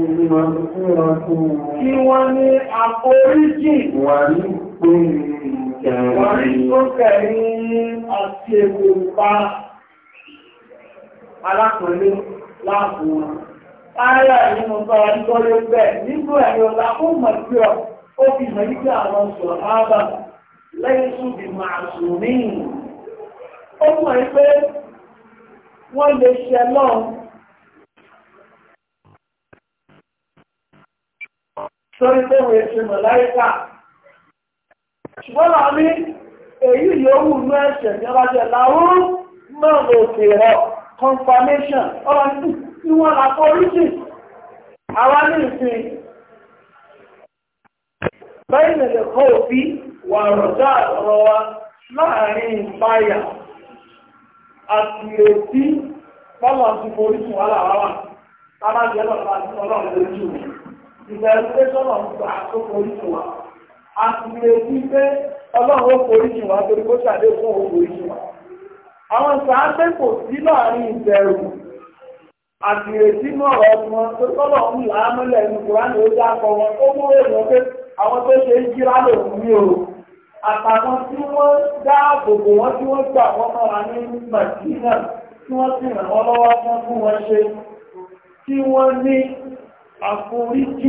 Alákùnrin láàbò wọn. Ara ìlú bá ìgbọ́ ló bẹ̀ nínú ẹ̀yọ lápò mọ̀síọ̀, ó fi mọ̀ nígbà àwọn ọ̀sọ̀ ààbà lẹ́yìn sún bí máa sùn ní ìrìn. Ó wọ́n lè ṣẹ lọ́n sórí wọ́n ṣe mọ̀ láyíká ṣùgbọ́n náà ní èyí yòówù ní ẹ̀ṣẹ̀ ní ọba jẹ́ láwúrú náà lè fèrọ confirmation ọba tí wọ́n la kọ́ ríṣì àwa ní ìsìn bẹ́ẹ̀ lè kọ́ òbí wà rọ̀dá ọ̀rọ̀ wa láàrin ìpayà àti ètí bọ́lọ̀ ti forí fún aláwáwà tábàjẹ́ lọ́pàá ọlọ́run lójú ìbẹ̀rù pé sọ́lọ̀ ń gbà tó forí fún wa àtìlẹ̀ sí pé ọlọ́run ó forí jì wá torí kó ṣàdé fún òforí jì wá àwọn sàápẹ́ kò sí láàrin ìbẹ̀rù àtìlẹ̀ sínú ọ̀rọ̀ wọn tó tọ́lọ̀ ń là á mọ́lẹ̀ ní kùránì ó dákọ̀ wọn ó mú èèyàn pé àwọn tó ṣe ń jíra o àtàwọn tí wọ́n dáàbò bò wọ́n tí wọ́n gbà wọ́n mọ́ra ní màdínà tí wọ́n sì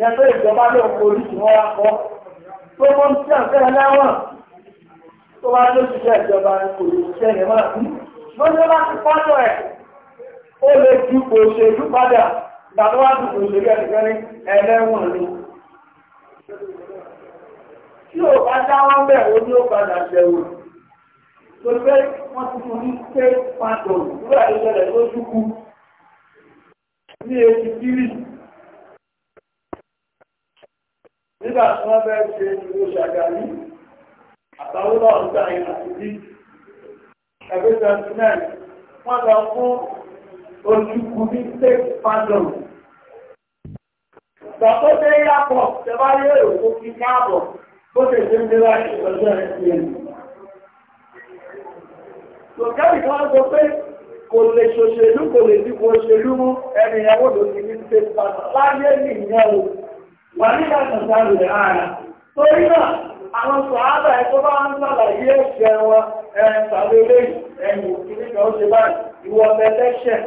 yẹn ìjọba ló ń polú tí wọ́n wá kọ́ tó mọ́ ń tí àǹfẹ́ láwọn tó bá ló ṣiṣẹ́ ìjọba kò lè ṣiṣẹ́ yẹn máa ń lọ́jọ́ láti pátọ̀ ẹ̀ ó lè ju òṣèlú padà gbàtọ́ padà ṣẹ̀wò tó ti fún ní pé pàtó nígbà tó ní nígbà tí wọ́n bẹ́ẹ̀ ṣe ìlú ṣàgárí àtàwọn ọ̀gá ìrìnàjò ẹgbẹ́ 29 wọ́n lọ fún ojúkú ní state pardon ìgbàtọ́ dé yàpọ̀ tẹ́bá rí èrò tó fi káàbọ̀ bó ṣe ṣe ń dé láti ọjọ́ ẹ̀sìn ẹ̀mí lòkẹ́rì kan sọ pé kò lè ṣòṣèlú kò lè dìbò òṣèlú mú ẹnìyàwó lòdì ní state pardon láyé nìyẹn o wà nígbà tàbí àwọn sọ̀hábà ẹ̀kọ́ bá ń sàlàyé ẹ̀ṣẹ̀ wọn ẹ̀ṣàlẹ̀ eléyìí ẹ̀yìn ìpínlẹ̀ ó ṣe báyìí ìwọ ọ̀tẹ̀lẹ́ṣẹ̀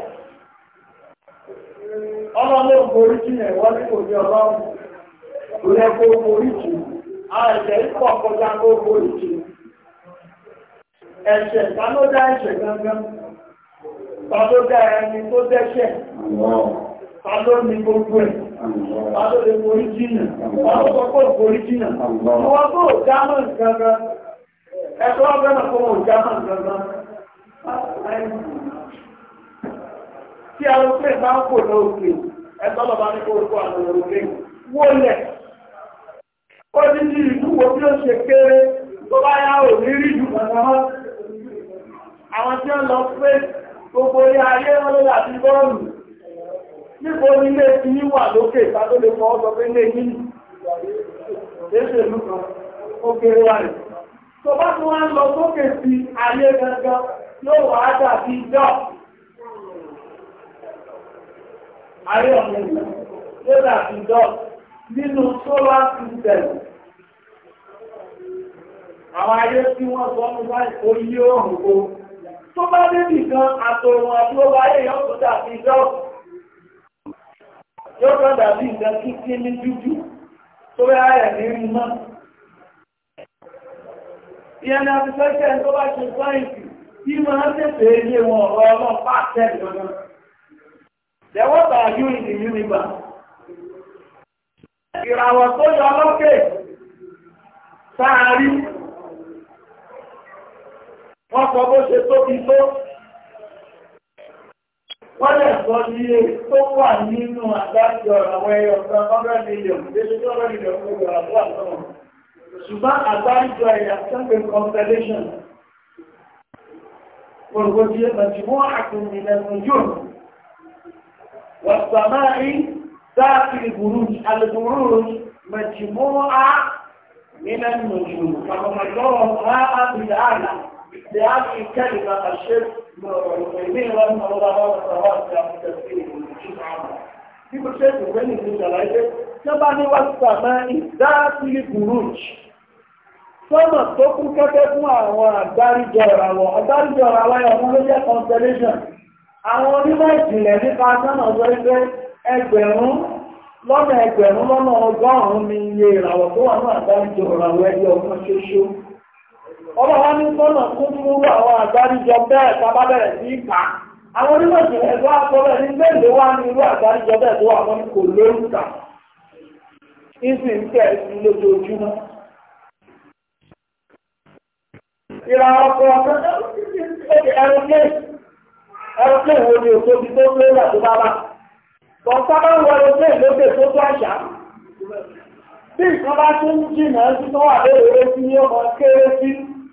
ọlọ́lẹ́ ògbórí jìnà ìwọ́n ní kò ní ọlọ́run kò borí jù gangan Tàló ni gbogbo ẹ̀, tàló lè borí jìnà, tàló sọpọ̀ borí jìnà, wọ́n tó jámọ̀ gangan, ẹ̀kọ́ ọgbẹ́nà fún wọn jámọ̀ Tí a lókè bá ń kò lọ òkè, ẹ̀tọ́ lọ bá ní kó orúkọ àwọn òkè, wólẹ̀. Ó ní ní ìlú wo bí ó ṣe kéré tó bá yá ò ní rí jù Àwọn tí ó lọ pé gbogbo ayé níbo ní ilé ti ní wà lókè ìpàdó lè fọ́ ọ́sọ pé ilé yìí léṣe ìlú kan ó kéré wà rẹ̀ tó bá tún wá ń lọ sókè sí ayé gangan yóò wà á dàbí dọ́ ayé ọ̀nà yóò dàbí dọ́ nínú solar system àwọn ayé tí wọ́n sọ ní báyìí ó yí òhùn o tó bá débì kan àtòrùn àti ó wáyé yọ̀ọ́ tó dàbí dọ́ọ̀ yóò kọ́ dàbí nǹkan kíkí ní dúdú tó bẹ́ ààrẹ ní rí mọ́. ìyẹn ni a ti fẹ́ kẹ́ tó bá ṣe sáyẹ̀nsì tí mo ń tètè ilé wọn ọ̀rọ̀ ọlọ́run pàṣẹ ìjọba. There was a you in the universe. Ìràwọ̀ tó yọ lókè sáà rí. Wọ́n sọ bó ṣe tóbi tó wọ́n lè sọ nílé tó wà nínú àdájọ́ àwọn ẹyọ kan ọ̀rẹ́ mílíọ̀nù débi tó ọ̀rẹ́ mílíọ̀nù tó gbọ́ra wà náà ṣùgbọ́n àdájọ́ ẹ̀yà sẹ́gbẹ̀ constellation ìgbìmọ̀ ìwọ̀n ọlọ́wọ́ àwọn ọ̀sán àti tẹ̀sí dị àwọn. Bí mo ṣe ètò wẹ́nì ní ìṣàlàyé pé tí wọ́n bá ní wá sí àmọ́ ìdáàtìlì burúj. Sọ́nà tó kún kẹ́kẹ́ fún àwọn ẹgbẹ̀rún lọ́nà ẹgbẹ̀rún lọ́nà ọgọ́rùn-ún ni iye ìràwọ̀ tó wà ọ̀rọ̀ ọlọ́wọ́ ní sọ́nà kún fún àwọn àgbáríjọ bẹ́ẹ̀ tábábẹ̀rẹ̀ sí ìkà àwọn onímọ̀ tó ní bẹ́ẹ̀lẹ̀ wá ní irú àgbáríjọ bẹ́ẹ̀ tó wà kò lórúkà ìsìn tẹ̀ sí lójoojúmọ́ ọkọ̀ wo ni òkú ti tó lé ìlà tó sábà ń wọ lókè tó tó àṣà bí ìkan bá tún jìnà sí tó wà sí ní ọmọ kéré sí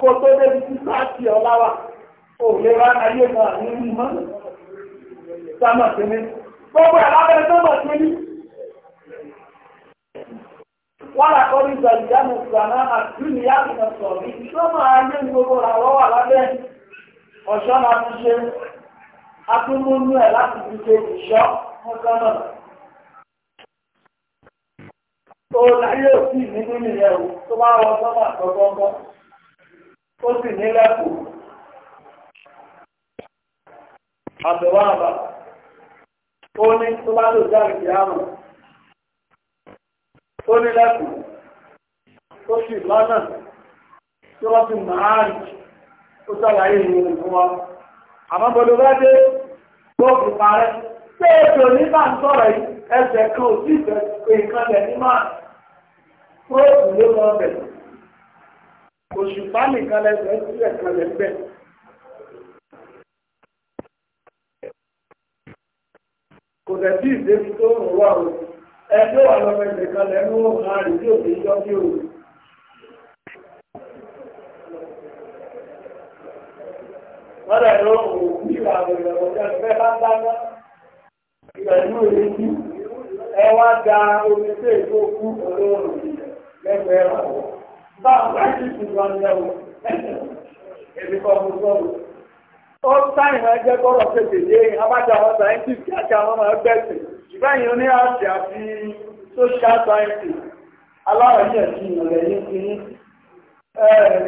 kó tó débi tí sáàtì ọlá wa ò lè wá ayé náà nínú mọ́ sámà sí ní gbogbo ẹ̀ lábẹ́ sámà sí ní. wọ́n là kọ́ ní zàlìyàmù gbàná àtúnyàmù náà sọ̀rọ̀ ìṣọ́mọ̀ ayé ní gbogbo làwọ́ wà lábẹ́ ọ̀ṣọ́ la ti ṣe atúmúnú ẹ̀ láti fi ṣe ìṣọ́ ọ̀kan náà. Tó láyé òsì nínú ìyẹ̀wò tó bá wọ sọ́mà tọ́gbọ́ngbọ́n. ó sì ní lẹ́kùn àbẹ̀wò àbá ó ní tó bá lò jáde kí ó ní ó sì lọ́nà tí wọ́n ti máa rí ó sàlàyé ìròyìn fún wa àmọ́ gbọdọ̀ bá dé gbọ́ọ̀gù parẹ́ pé ètò nígbà ń sọ̀rọ̀ yìí ẹsẹ̀ kan ò sí ìfẹ́ pé òṣùpá nìkan lẹ́sẹ̀ sílẹ̀ kan lẹ́gbẹ̀. kò tẹ̀ sí tó ń wà o ẹgbẹ́ wà lọ́mọ ẹgbẹ́ kan lẹ́nu òun àárín tí òbí yọ sí òun. wọ́n lè lọ òkú ìwà àgbẹ̀rẹ̀ ọ̀gá ẹgbẹ́ bá dáná pẹ̀lú èyí ẹ wá da omi tó èso kú olóòrùn lẹ́gbẹ̀ẹ́ rà bá wájú ìgbà lẹ́wọ̀ èmi kọ́ mo sọ̀rọ̀. ó sáyìn máa jẹ́ kọ́rọ̀ tètè dé abájá àwọn scientist àti àwọn ọmọ ẹgbẹ́ ẹ̀sìn ìgbẹ́yìn oní àti àti social scientist aláròyìn ẹ̀sìn ìrọ̀lẹ́ yín ti ní.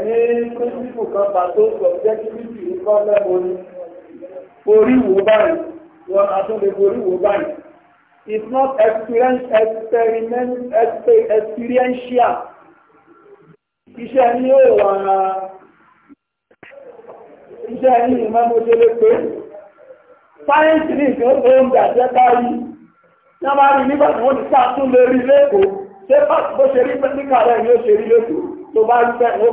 ní píríncípù kan pàtó subjectivity ní kọ́lẹ́mù ni orí wo báyìí wọn àtúndé orí it's not experience experiment experiential. iṣẹ́ ní ó wà iṣẹ́ ní ìmọ́mọ́jẹ́lé pé sáyẹ́ǹsì ní ìfẹ́ oúnjẹ àjẹ́ báyí ní a máa rí nígbà tí wọ́n ti sáàtún lè rí lẹ́kọ̀ọ́ ṣé bó ṣe rí pẹ́síkà rẹ̀ ni ó ṣe rí lẹ́kọ̀ọ́ tó bá rí pẹ́ rẹ̀ ó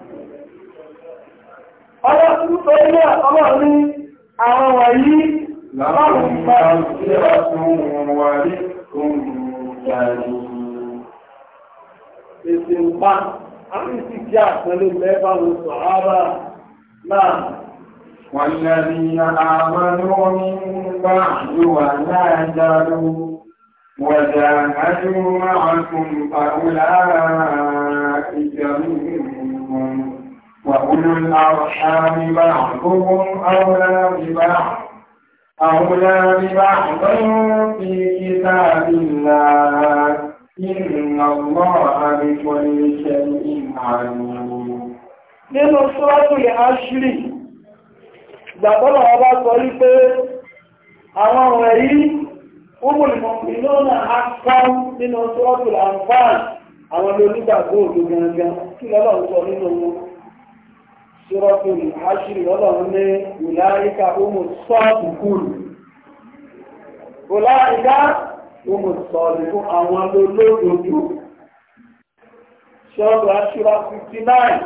ọlọ́run tó ní ọlọ́run ní àwọn wọ̀nyí láàrín ìgbà والذين آمنوا من بعد وهاجروا وجاهدوا معكم فأولئك منهم وأولو الأرحام بعضهم أولى ببعض أولى ببعض في كتاب الله إن الله بكل شيء عليم nínú ṣúwájú yẹ aṣírí ìgbàtọ́lọ̀ ọba sọ wípé àwọn ọ̀rẹ́ yìí ọmọlùmọ̀kùnrin náà náà á kán nínú ṣúwájú àǹfààní àwọn olùgbàgbọ́ òdò gangan kí lọ́lọ́ sọ nínú wọn sọ́rọ́tò ìhásírì ọlọ́run ní ìlàríkà ohun sọ́ọ̀tù àwọn olóòdòdó sọ́ọ̀tù aṣúra 59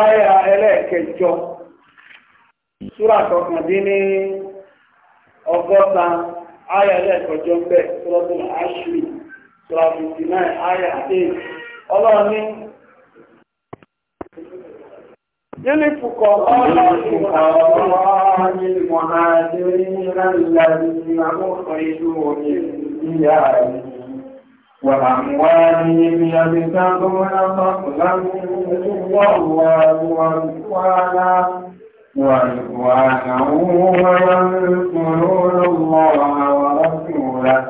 àyà ẹlẹ́ẹ̀kẹjọ súra kọkàndín ní ọgọ́ta àyà ẹlẹ́ẹ̀kẹjọ bẹ́ẹ̀ sọ́ọ̀tù aṣúra 59 àyà 8 ọlọ́run للفقراء المهاجرين الذين أخرجوا من ديارهم وأموالهم يبتغون فضلا من الله ورضوانا ورضوانه وينصرون الله ورسوله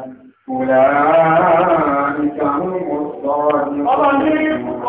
أولئك هم الصادقون.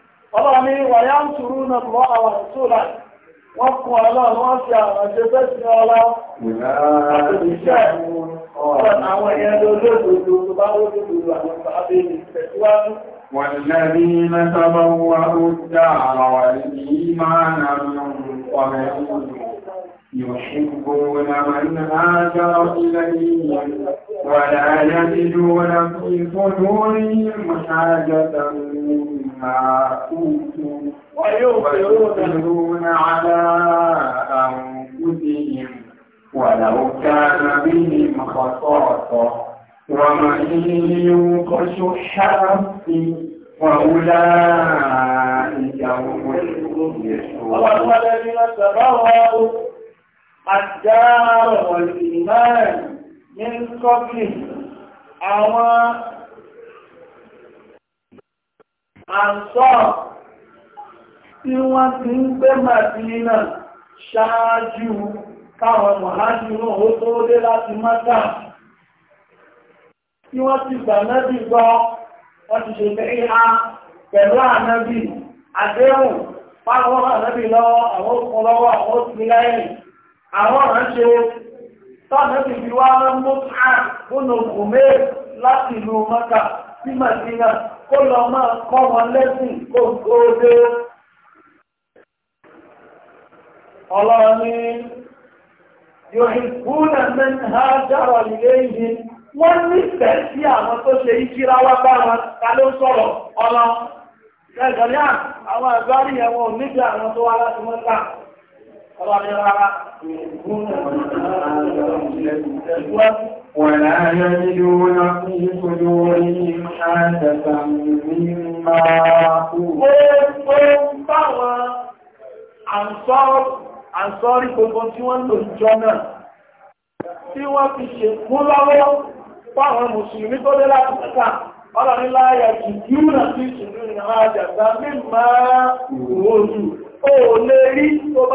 ọlọ́ni wàyá ń ṣùrú na lọ àwọn ìṣúra wọ́n kún ọlọ́run wọ́n ṣe àwọn ṣe fẹ́ sí ọlá àtòlùṣẹ́ àwọn ẹ̀yẹn lólóòdòdó tó bá lólóòdòdó àwọn sàábẹ́ni tẹ̀síwájú والذين تبوأوا الدار والإيمان من قبلهم يحبون من هاجر إليهم ولا يجدون في صدورهم حاجة منهم ويؤثرون على أنفسهم ولو كان بهم خصاصة ومن يوق شح نفسه وأولئك هم المفلحون والذين تبوأوا الدار والإيمان من قبله أما àǹsọ́ tí wọ́n ti ń gbé màdínà ṣáájú káwọn mọ̀hájúrò ó tó dé láti mọ́ta tí wọ́n ti gbà náàbì gbọ́ wọ́n ti ṣe bẹ́ẹ̀ á pẹ̀lú ànábì àdéhùn fáwọn ànábì lọ́wọ́ àwọn òkun lọ́wọ́ àwọn òkun lẹ́yìn kó lọ máa kọ́ wọn lẹ́sìn kó tó dé ọlọ́ni yóò ìgbúnà mẹ́ta jára ilé ìhì wọ́n nífẹ̀ẹ́ sí àwọn tó ṣe ìjíra wá bá wọn ta ló sọ̀rọ̀ ọlọ́ Ẹgbẹ̀rẹ́ àwọn àgbárí ẹ̀wọ̀n níbi àwọn tó wá láti mọ́ta ولا يجدون في صدورهم حاجة مما Àǹsọ́rí gbogbo tí wọ́n lò jọ náà, tí wọ́n fi ṣe fún lọ́wọ́ fáwọn Mùsùlùmí tó lé láti mẹ́ta, ọlọ́rin láyẹ̀ jù yúrà sí ìṣìlú ìrìnàmájà gbá mímọ̀ oòrùn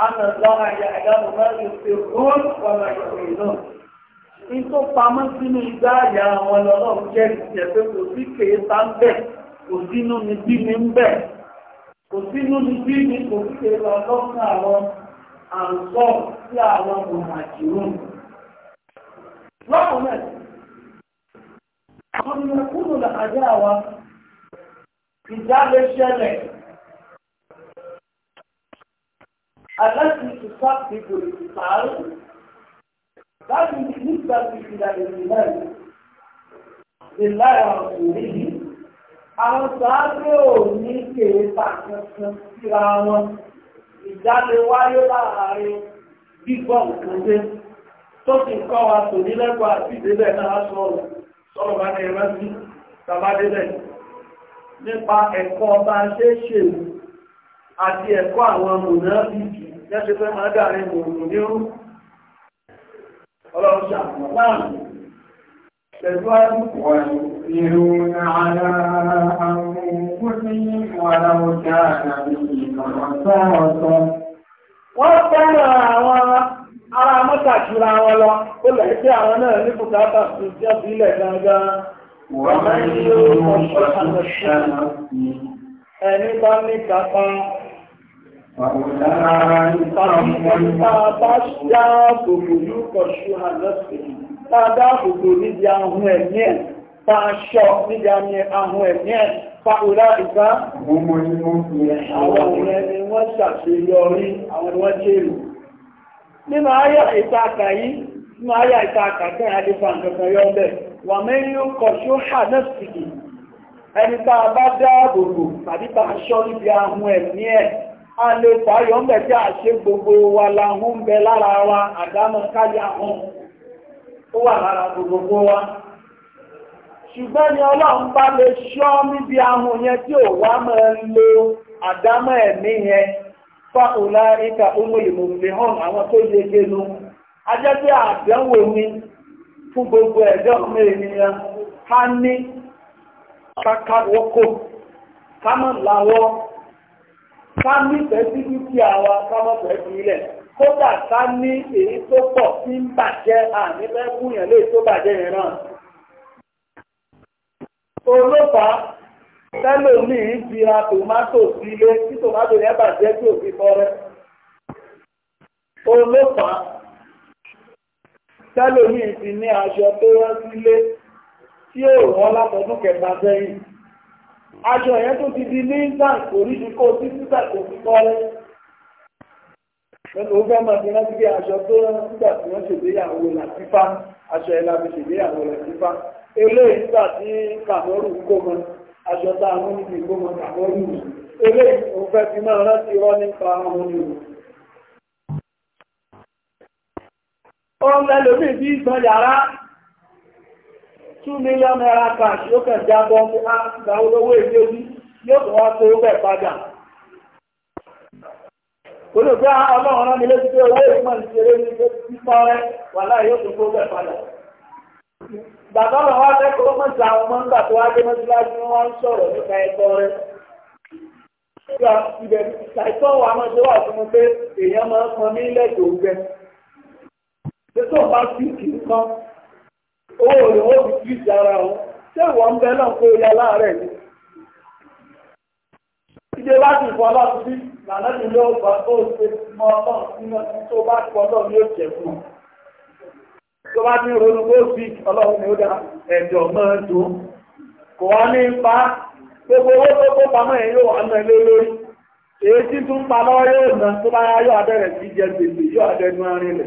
àmì lọ́wọ́ ìyàgbọ́n máa ń fi rún wọnà ìròyìn náà. In tó pamọ́ sínú igbá àyà àwọn ọlọ́run jẹ́ ìjẹ́ pé kò sí kèé sá ń bẹ̀, kò sínú ni bí ni ń bẹ̀, kò sínú ni bí ni kò sí kèé lọ lọ́sùn àwọn àǹsọ́ sí àwọn mọ̀nàjìrún. Lọ́kùn to people That that we we التي تسبب التعارض لكن بالنسبة إلى الإيمان بالله ورسوله àwọn sàárẹ̀ ò ní kèéfà kankan síra wọn ìjáde wáyé láàárín gbígbọ́ nǹkan dé tó ti kọ́ wa tò ní lẹ́kọ̀ọ́ àti ìdílẹ̀ náà sọ̀rọ̀ sọ̀rọ̀ bá ní ẹ̀rọ sí tàbádélẹ̀ nípa ẹ̀kọ́ bá ṣe ṣèlú àti ẹ̀kọ́ àwọn mùnà bìbì jẹ́sí pé máa dáàrin gbogbo ní ó ọlọ́run ṣàpọ̀ láàrín pẹ̀lú àwọn ará mọ́tàkìrà wọn lọ ó lẹ̀ sí àwọn náà ní bùkátà sí jẹ́ sílẹ̀ wọ́n mẹ́rin yóò Tàdá àbùkù níbi ahun ẹ̀mí ẹ̀, fa aṣọ níbi ahun ẹ̀mí ẹ̀, fa òrá ìfá. Gbogbo ní mú fi àwọn òun ẹni wọ́n ṣàṣeyọrí àwọn wọ́n jèrò. Nínú ayá ìtàkà yìí, nínú ayá ìtàkà kí àdífà nǹkan yọ bẹ̀, wà mẹ́rin a lè fàáyọ̀ ń bẹ̀ tí a ṣe gbogbo wa la ń bẹ lára wa àdámọ́ káyà hàn ó wà lára gbogbo wa ṣùgbọ́n ni ọlọ́run bá lè ṣọ́ níbi ahun yẹn tí ò wá máa ń lo àdámọ́ ẹ̀mí yẹn ìka hàn àwọn tó gbogbo ẹ̀dọ́ ọmọ ènìyàn ká ní ká mọ̀ ká nífẹ̀ẹ́ sí dúkìá wa ká má fẹ́ fi ilẹ̀ kódà ká ní èyí tó pọ̀ tí ń bàjẹ́ àní fẹ́ fúnyàn lè tó bàjẹ́ yẹn náà. olófàá tẹ́lòmíì fi ra tòmátò sílé tí tòmátò yẹn bàjẹ́ tí ò fi fọ́rẹ́. olófàá tẹ́lòmíì fi ní aṣọ tó rán sílé tí ò rán látọdún kẹta sẹ́yìn aṣọ yẹn tó ti di lindan kò rí ti kó sí sísà kò fi kọ́lé lẹ́nu ó fẹ́ máa fi rántí bí aṣọ tó nígbà tí wọ́n ṣègbéyàwó làtífá aṣọ yẹn la fi ṣègbéyàwó làtífá eléyìí nígbà tí kàmọ́rù ń kó mọ aṣọ tá a mú níbi kó mọ kàmọ́rù eléyìí ó fẹ́ fi máa rántí rọ́ nípa ọmọ ni o. ọ̀n lẹ́lòmíì bí ìgbọ̀n yàrá two million naira cash yóò kàn jábọ́ pé á ah, gba olówó èdè ojú yóò tó wá tó bẹ̀ padà. olùgbé ah, ọlọ́run rán mi létí pé owó ìpọ́n ti ṣeré ní pípọ́ rẹ wà láì yóò tó bẹ̀ padà. bàbá wọn wá kẹ́kọ̀ọ́ mọ̀ sí àwọn ọmọ tó wá dé wọn sọ̀rọ̀ nípa ẹ̀kọ́ rẹ. ṣàìtọ́ wà fún mi pé owó ni wọ́n fi kìí sára wọn ṣé ìwọ ń bẹ náà pé ó yá ni. ìdè bá ti fọ ọlọ́run bí lànà ló gbà ṣe mọ nínú ẹni tó bá náà ni ó fún un. tó bá ti ronú ni ó dá máa kò wá ní gbogbo owó tó kó yẹn yóò wà lórí. èyí tí tún pa lọ́wọ́ yóò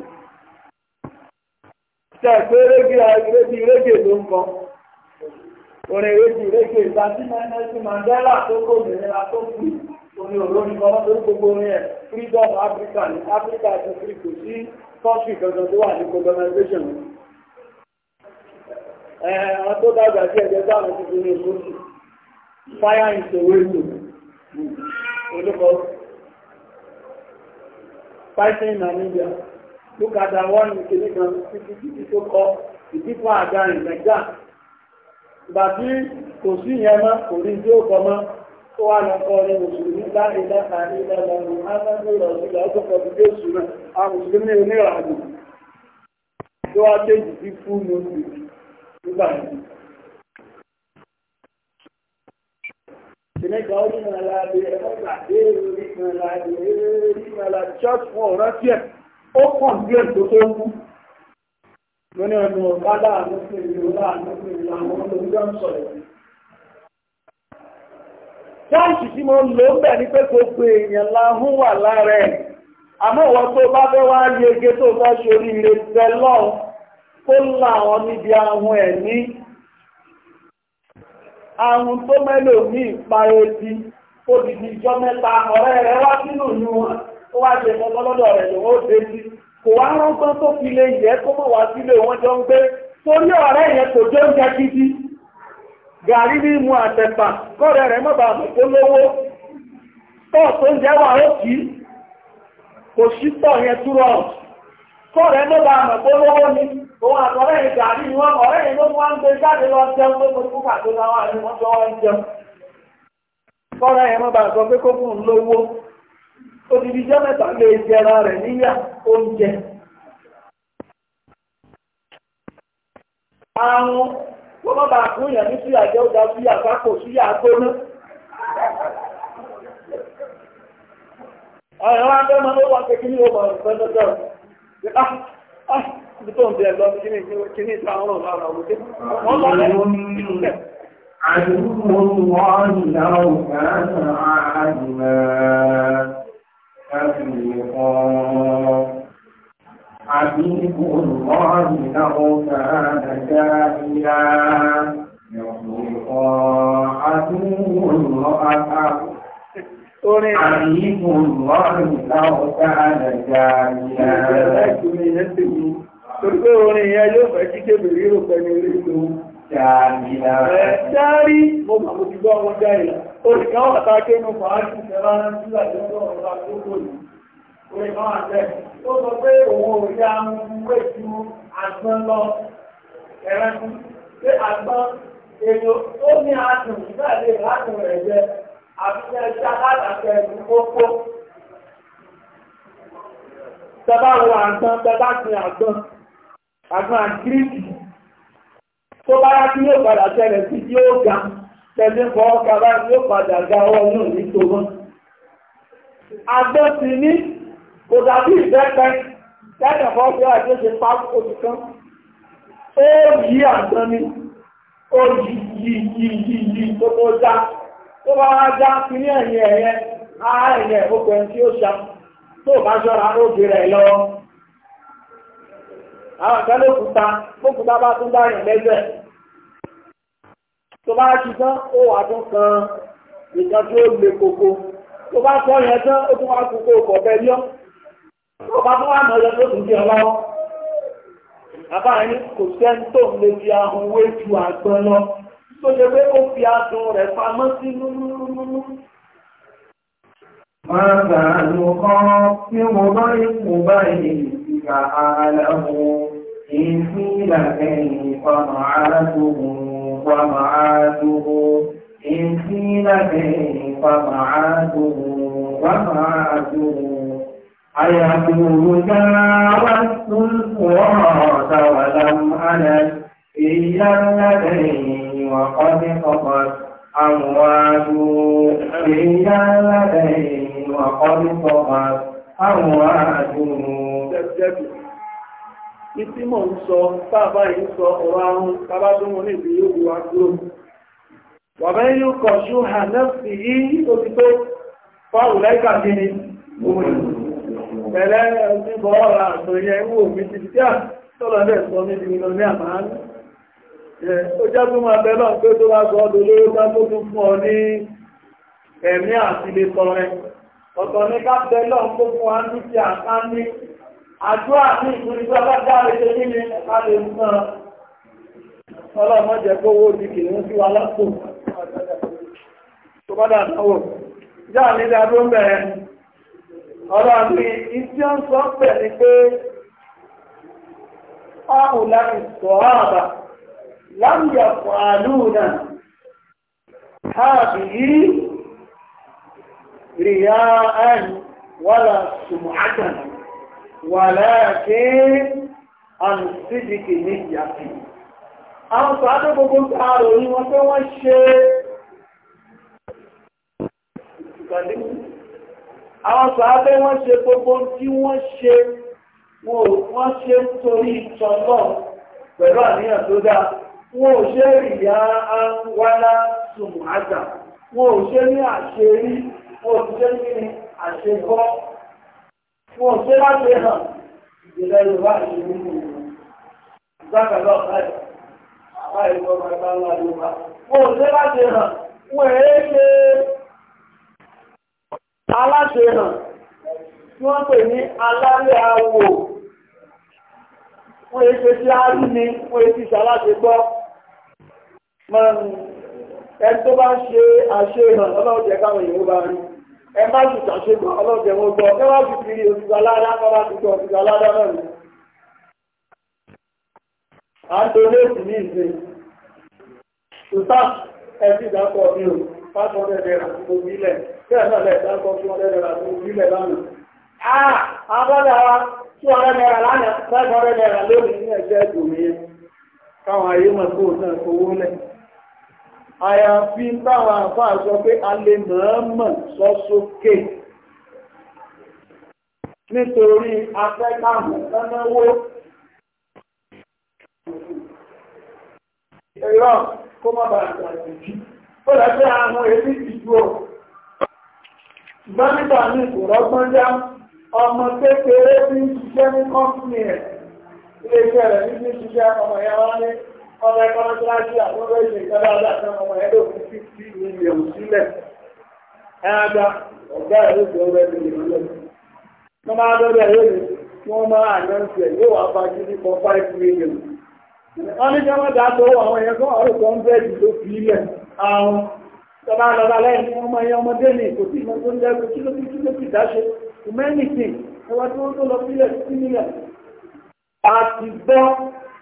tẹ̀pẹ́ rége rége rége ló ń kọ́ orin rége Mandela tó kó òmìnira tó kù orin òró ní tó gbogbo orin ẹ̀ freedom Africa ní Africa ti fi kò sí country kankan tó wà ní tó dàgbà sí fire in the way to olùkọ́ fighting Namibia. tó kàdà wọ́n ní kìíní kan títí títí tó kọ ìdífọ́ àga ìgbẹ̀gbà ìgbà tí kò sí ìyẹn mọ́ kò rí tí ó kọ mọ́ tó wà lọ kọ ní mùsùlùmí bá ilẹ̀ àrí ilẹ̀ lọ́rùn ámẹ́rẹ́ ìrọ̀sílẹ̀ ọjọ́ kọ bí jésù náà a mùsùlùmí onírànù tó wá tẹ́jì sí fún mùsùlùmí nígbà yìí ìmẹ́ta orí mọ̀ láàbí ẹ̀mọ́ta dé orí mọ̀ láàbí ẹ̀rí mọ̀ láàbí church fún ọ̀rọ̀ tiẹ̀ ó kàn díẹ̀ tó tó kú lónìí ọdún ọ̀gá láàánú sí ìlú láàánú sí ìlú àwọn olóńgbò ń sọ̀rọ̀ Jáǹsì tí mo lò ó bẹ̀ ní pé gbogbo èèyàn láhún wà lára ẹ̀. Àmọ́ ìwọ tó bá fẹ́ wá tó ṣorí kó níbi ahun ẹ̀ ní. tó mẹ́lò ní ó wá ṣe mọ́ lọ́dọ̀ rẹ̀ lòun ó dé sí kò wá rọ́gbọ́n tó fi lè yẹ kó mọ̀ wá sílé wọn jọ ń gbé torí ọ̀rẹ́ yẹn kò jẹ́ oúnjẹ gàrí ní mu àtẹ̀pà kọ́rẹ́ rẹ̀ bàbá tó lówó tó ń jẹ́ wà ni òun àtọ̀rẹ́ yẹn gàrí ni wọ́n ọ̀rẹ́ yẹn ló wá ń gbé jáde lọ jẹun tó odidijọ́ mẹ́ta lè jẹra rẹ̀ níyà oúnjẹ. Àrùn tó bá bàa kún yàn ní síyà jẹ́ ọjà síyà sápò síyà gbóná. Ọ̀rẹ́ wa bẹ́ẹ̀ máa ń wá pé kí ọrụ عدو الله كان أبلغا عبيد الله له كان جاهلا يخلق عدو الله orin Torípé orin ìyá yóò fẹ́ kí kébè rírò pẹ̀lú orí ìlú. Jàmìlà. Ẹ̀ járí, mo mọ̀ mo ti gbọ́ ọmọ jáìlá olùkọ́ àtàkẹ́ inú fàájú ìjọba náà sí àjọ́jọ́ ọ̀rọ̀ àkókò yìí orí kan àjẹ́ ó sọ pé òun ò yá ń wé ju àgbọn lọ ẹ̀rẹ́kú pé àgbọn èlò ó ní àdùn ìgbàlè ìlànà rẹ̀ jẹ àfihàn iṣẹ́ alátàkẹ́ ìlú kókó tẹ́bá wo àgbọn tẹ́bá sin àgbọn àgbọn àgíríkì tó bá yá kí yóò padà ṣẹlẹ̀ sí yóò ga tẹ̀lé pọ̀ ọkàrá ní ó padà ga ọwọ́ náà ní tó mọ́. Àgbẹ́ ti ní kò dàbí ìfẹ́fẹ́ tẹ́tẹ̀fọ́ fẹ́ àjọṣe pápọ̀ oṣù kan. Ó yí àgbọn ni, ó yí yí yí yí yí tó tó já. Tó bá wá já sí ní ẹ̀yìn ẹ̀yẹ, ara ẹ̀yẹ òkè tí ó ṣá. Tó bá ṣọ́ra ó bèrè ẹ̀ lọ́wọ́. Àwọn ìkẹ́lẹ́ òkúta, òkúta bá tún dá ìrìn lẹ́gbẹ̀ẹ́ tó bá ṣe tán ó wà tún kan nǹkan tí ó le koko tó bá sọ yẹn tán ó tún wá koko kọ̀ọ̀bẹ yọ tó bá tún wà mọ̀ yọ tó tún jẹ ọlọ́wọ́ àbáyé ní kò sẹ́ńtò lè fi ahun wé ju àgbọn lọ tó ṣe pé ó fi adùn rẹ̀ pamọ́ sí lúlúlúlú. Máa gbàlù kan tí mo bá ipò báyìí ìgbà àlàmù ìfìlà ẹ̀yìn ọ̀nà arákùnrin. ومعاده إن قيل به فمعاده ومعاده أيقول جاوزت الفرات ولم ألد إلا الذي وقد قضت أمواج إلا الذي وقد قضت أمواج ìtí mò ń sọ bàbá yìí sọ ọ̀rọ̀ ahun bàbá tó mú ní ìbí yóò wá dúró wàbẹ́ yóò kọ̀ ṣú hànẹ́sì yìí ó ti pé fáwù lẹ́gbà kí ni òun ìpẹ̀lẹ́ ọdún bọ́ ọ̀rọ̀ àtọ̀ yẹ ń wò mí títí à tọ́lọ̀ dẹ̀ sọ mí di lọ ní àmàán ó jẹ́ tó máa ọ̀tọ̀ ní ká bẹ́ náà fún wa ní àdúrà ní ìpínlẹ̀ alágbára ṣe nínú alẹ́ nǹkan ọlọ́mọdé kówó di kìnnìún sí wa lápò tó bá dà náwó já ń bẹ̀rẹ̀ ń sọ pẹ̀ pé láti sọ ààbà yìí walakin àǹsídìkì ní ìyàtì àwọn sàádé gbogbo ń taàrò ní wọ́n pé wọ́n ṣe àwọn sàádé wọ́n ṣe gbogbo tí wọ́n ṣe wọ́n ṣe torí ìtọ́lọ̀ pẹ̀lú àníyàn tó dáa wọ́n ò ṣe ìyá wálá sùn àjà wọ́n ṣe ní àṣerí wọ́n ṣe ní àṣegbọ́ wọn ṣe láti hàn ìjìnlẹ̀ yorùbá ìṣòro mú un gbàgbọ́ báyìí báyìí kọ́ máa bá wà yorùbá wọn ṣe láti hàn wọn èé ṣe aláṣẹ hàn tí wọ́n pè ní alálẹ̀ awò wọ́n èé ṣe sí árí ni wọ́n èé ti ṣaláṣẹ gbọ́ ẹni tó bá ń ṣe àṣehàn ọlọ́run jẹ́ káwọn èèyàn bá rí ẹ má ju tàṣe gbọ́ ọlọ́jẹ̀ wọn gbọ́ ẹ má ju kiri òṣìṣẹ́ aládá ẹ má ju òṣìṣẹ́ aládá náà ni. à ń do léèsì ní ìṣe ṣùtà ẹbí ìdákọ̀ mi ò tó bẹ́ẹ̀ náà lẹ̀ dákọ̀ tó lánàá. a abọ́dà wa tí ọ̀rẹ́ náírà lánàá fẹ́ẹ́ àyàfi táwọn àfáà sọ pé a lè mọ̀ọ́mọ̀ sọ sókè nítorí afẹ́kàmù tánáwó ẹ̀rọ kó má bàa tàbí ó lẹ́gbẹ́ àwọn èdè ìjú ọ̀ gbámítà ní ìkòrọ́gbọ́njá ọmọ kékeré ní ṣiṣẹ́ ní kọ́mpìnì ẹ̀ ilé iṣẹ́ rẹ̀ ní ṣiṣẹ́ ọmọ ìyá ọmọ ẹ̀kọ́ mọ́tíláṣí àtúntò ìṣẹ̀ ìtọ́lá ọ̀dọ́ ọmọ ẹ̀dọ́ fún fífí mílíọ̀n sílẹ̀ ẹ̀ẹ́dá ọ̀gá ẹ̀rọ ìjọ rẹ̀ ti lè lọ. wọ́n máa lọ́dọ̀ ẹ̀rọ mi kí wọ́n máa àyànṣẹ́ yóò wá bá jíjí kan five million. wọ́n ní kí wọ́n dá tó àwọn èèyàn kan ọ̀rọ̀ kan bẹ́ẹ̀ ló fi ilẹ̀ àwọn tọ́lá lọ́la lẹ́yìn tí wọ́n máa yẹ ọmọdé ní kò sí ìmọ̀ tó ń dẹ́kun kí ló fi kí ló fi dáṣe humanity ẹwà tí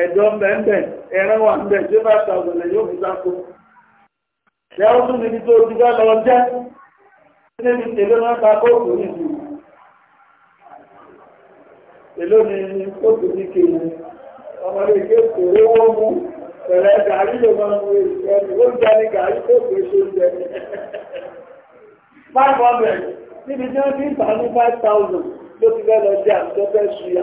ẹ̀dọ́ bẹ́ẹ̀ ẹran wà níbẹ̀ tí bá yóò fi sáko. Ṣé ó tún níbi tó ti fẹ́ lọ jẹ́? níbi tèlé máa ta kóòtù ní ìlú? ni kóòtù ní kéwì? mú gàrí ló máa mú ẹni ó ní gàrí ṣe jẹ. Five hundred níbi tí ti ń ní five thousand ló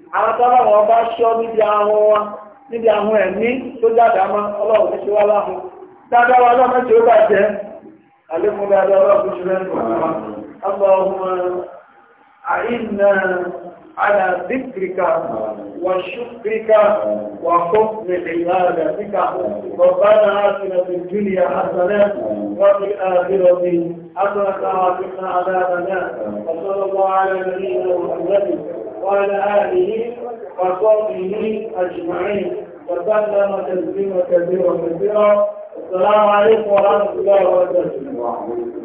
àwọn tọ́lọ́wọ́ bá ṣọ́ níbi ahun ẹ̀mí tó dáadáa ọlọ́run ti ṣe wá láhùn dáadáa wa tí ó bàjẹ́ àlékún dáadáa ọlọ́run ṣe lẹ́nu àwọn ọmọ àìnà على ذكرك وشكرك وحسن عبادتك ربنا آتنا في الدنيا حسنة وفي الآخرة حسنة وقنا عذاب النار وعلى آله وصحبه أجمعين وسلم تسليما كثيرا كثيرا السلام عليكم ورحمة الله وبركاته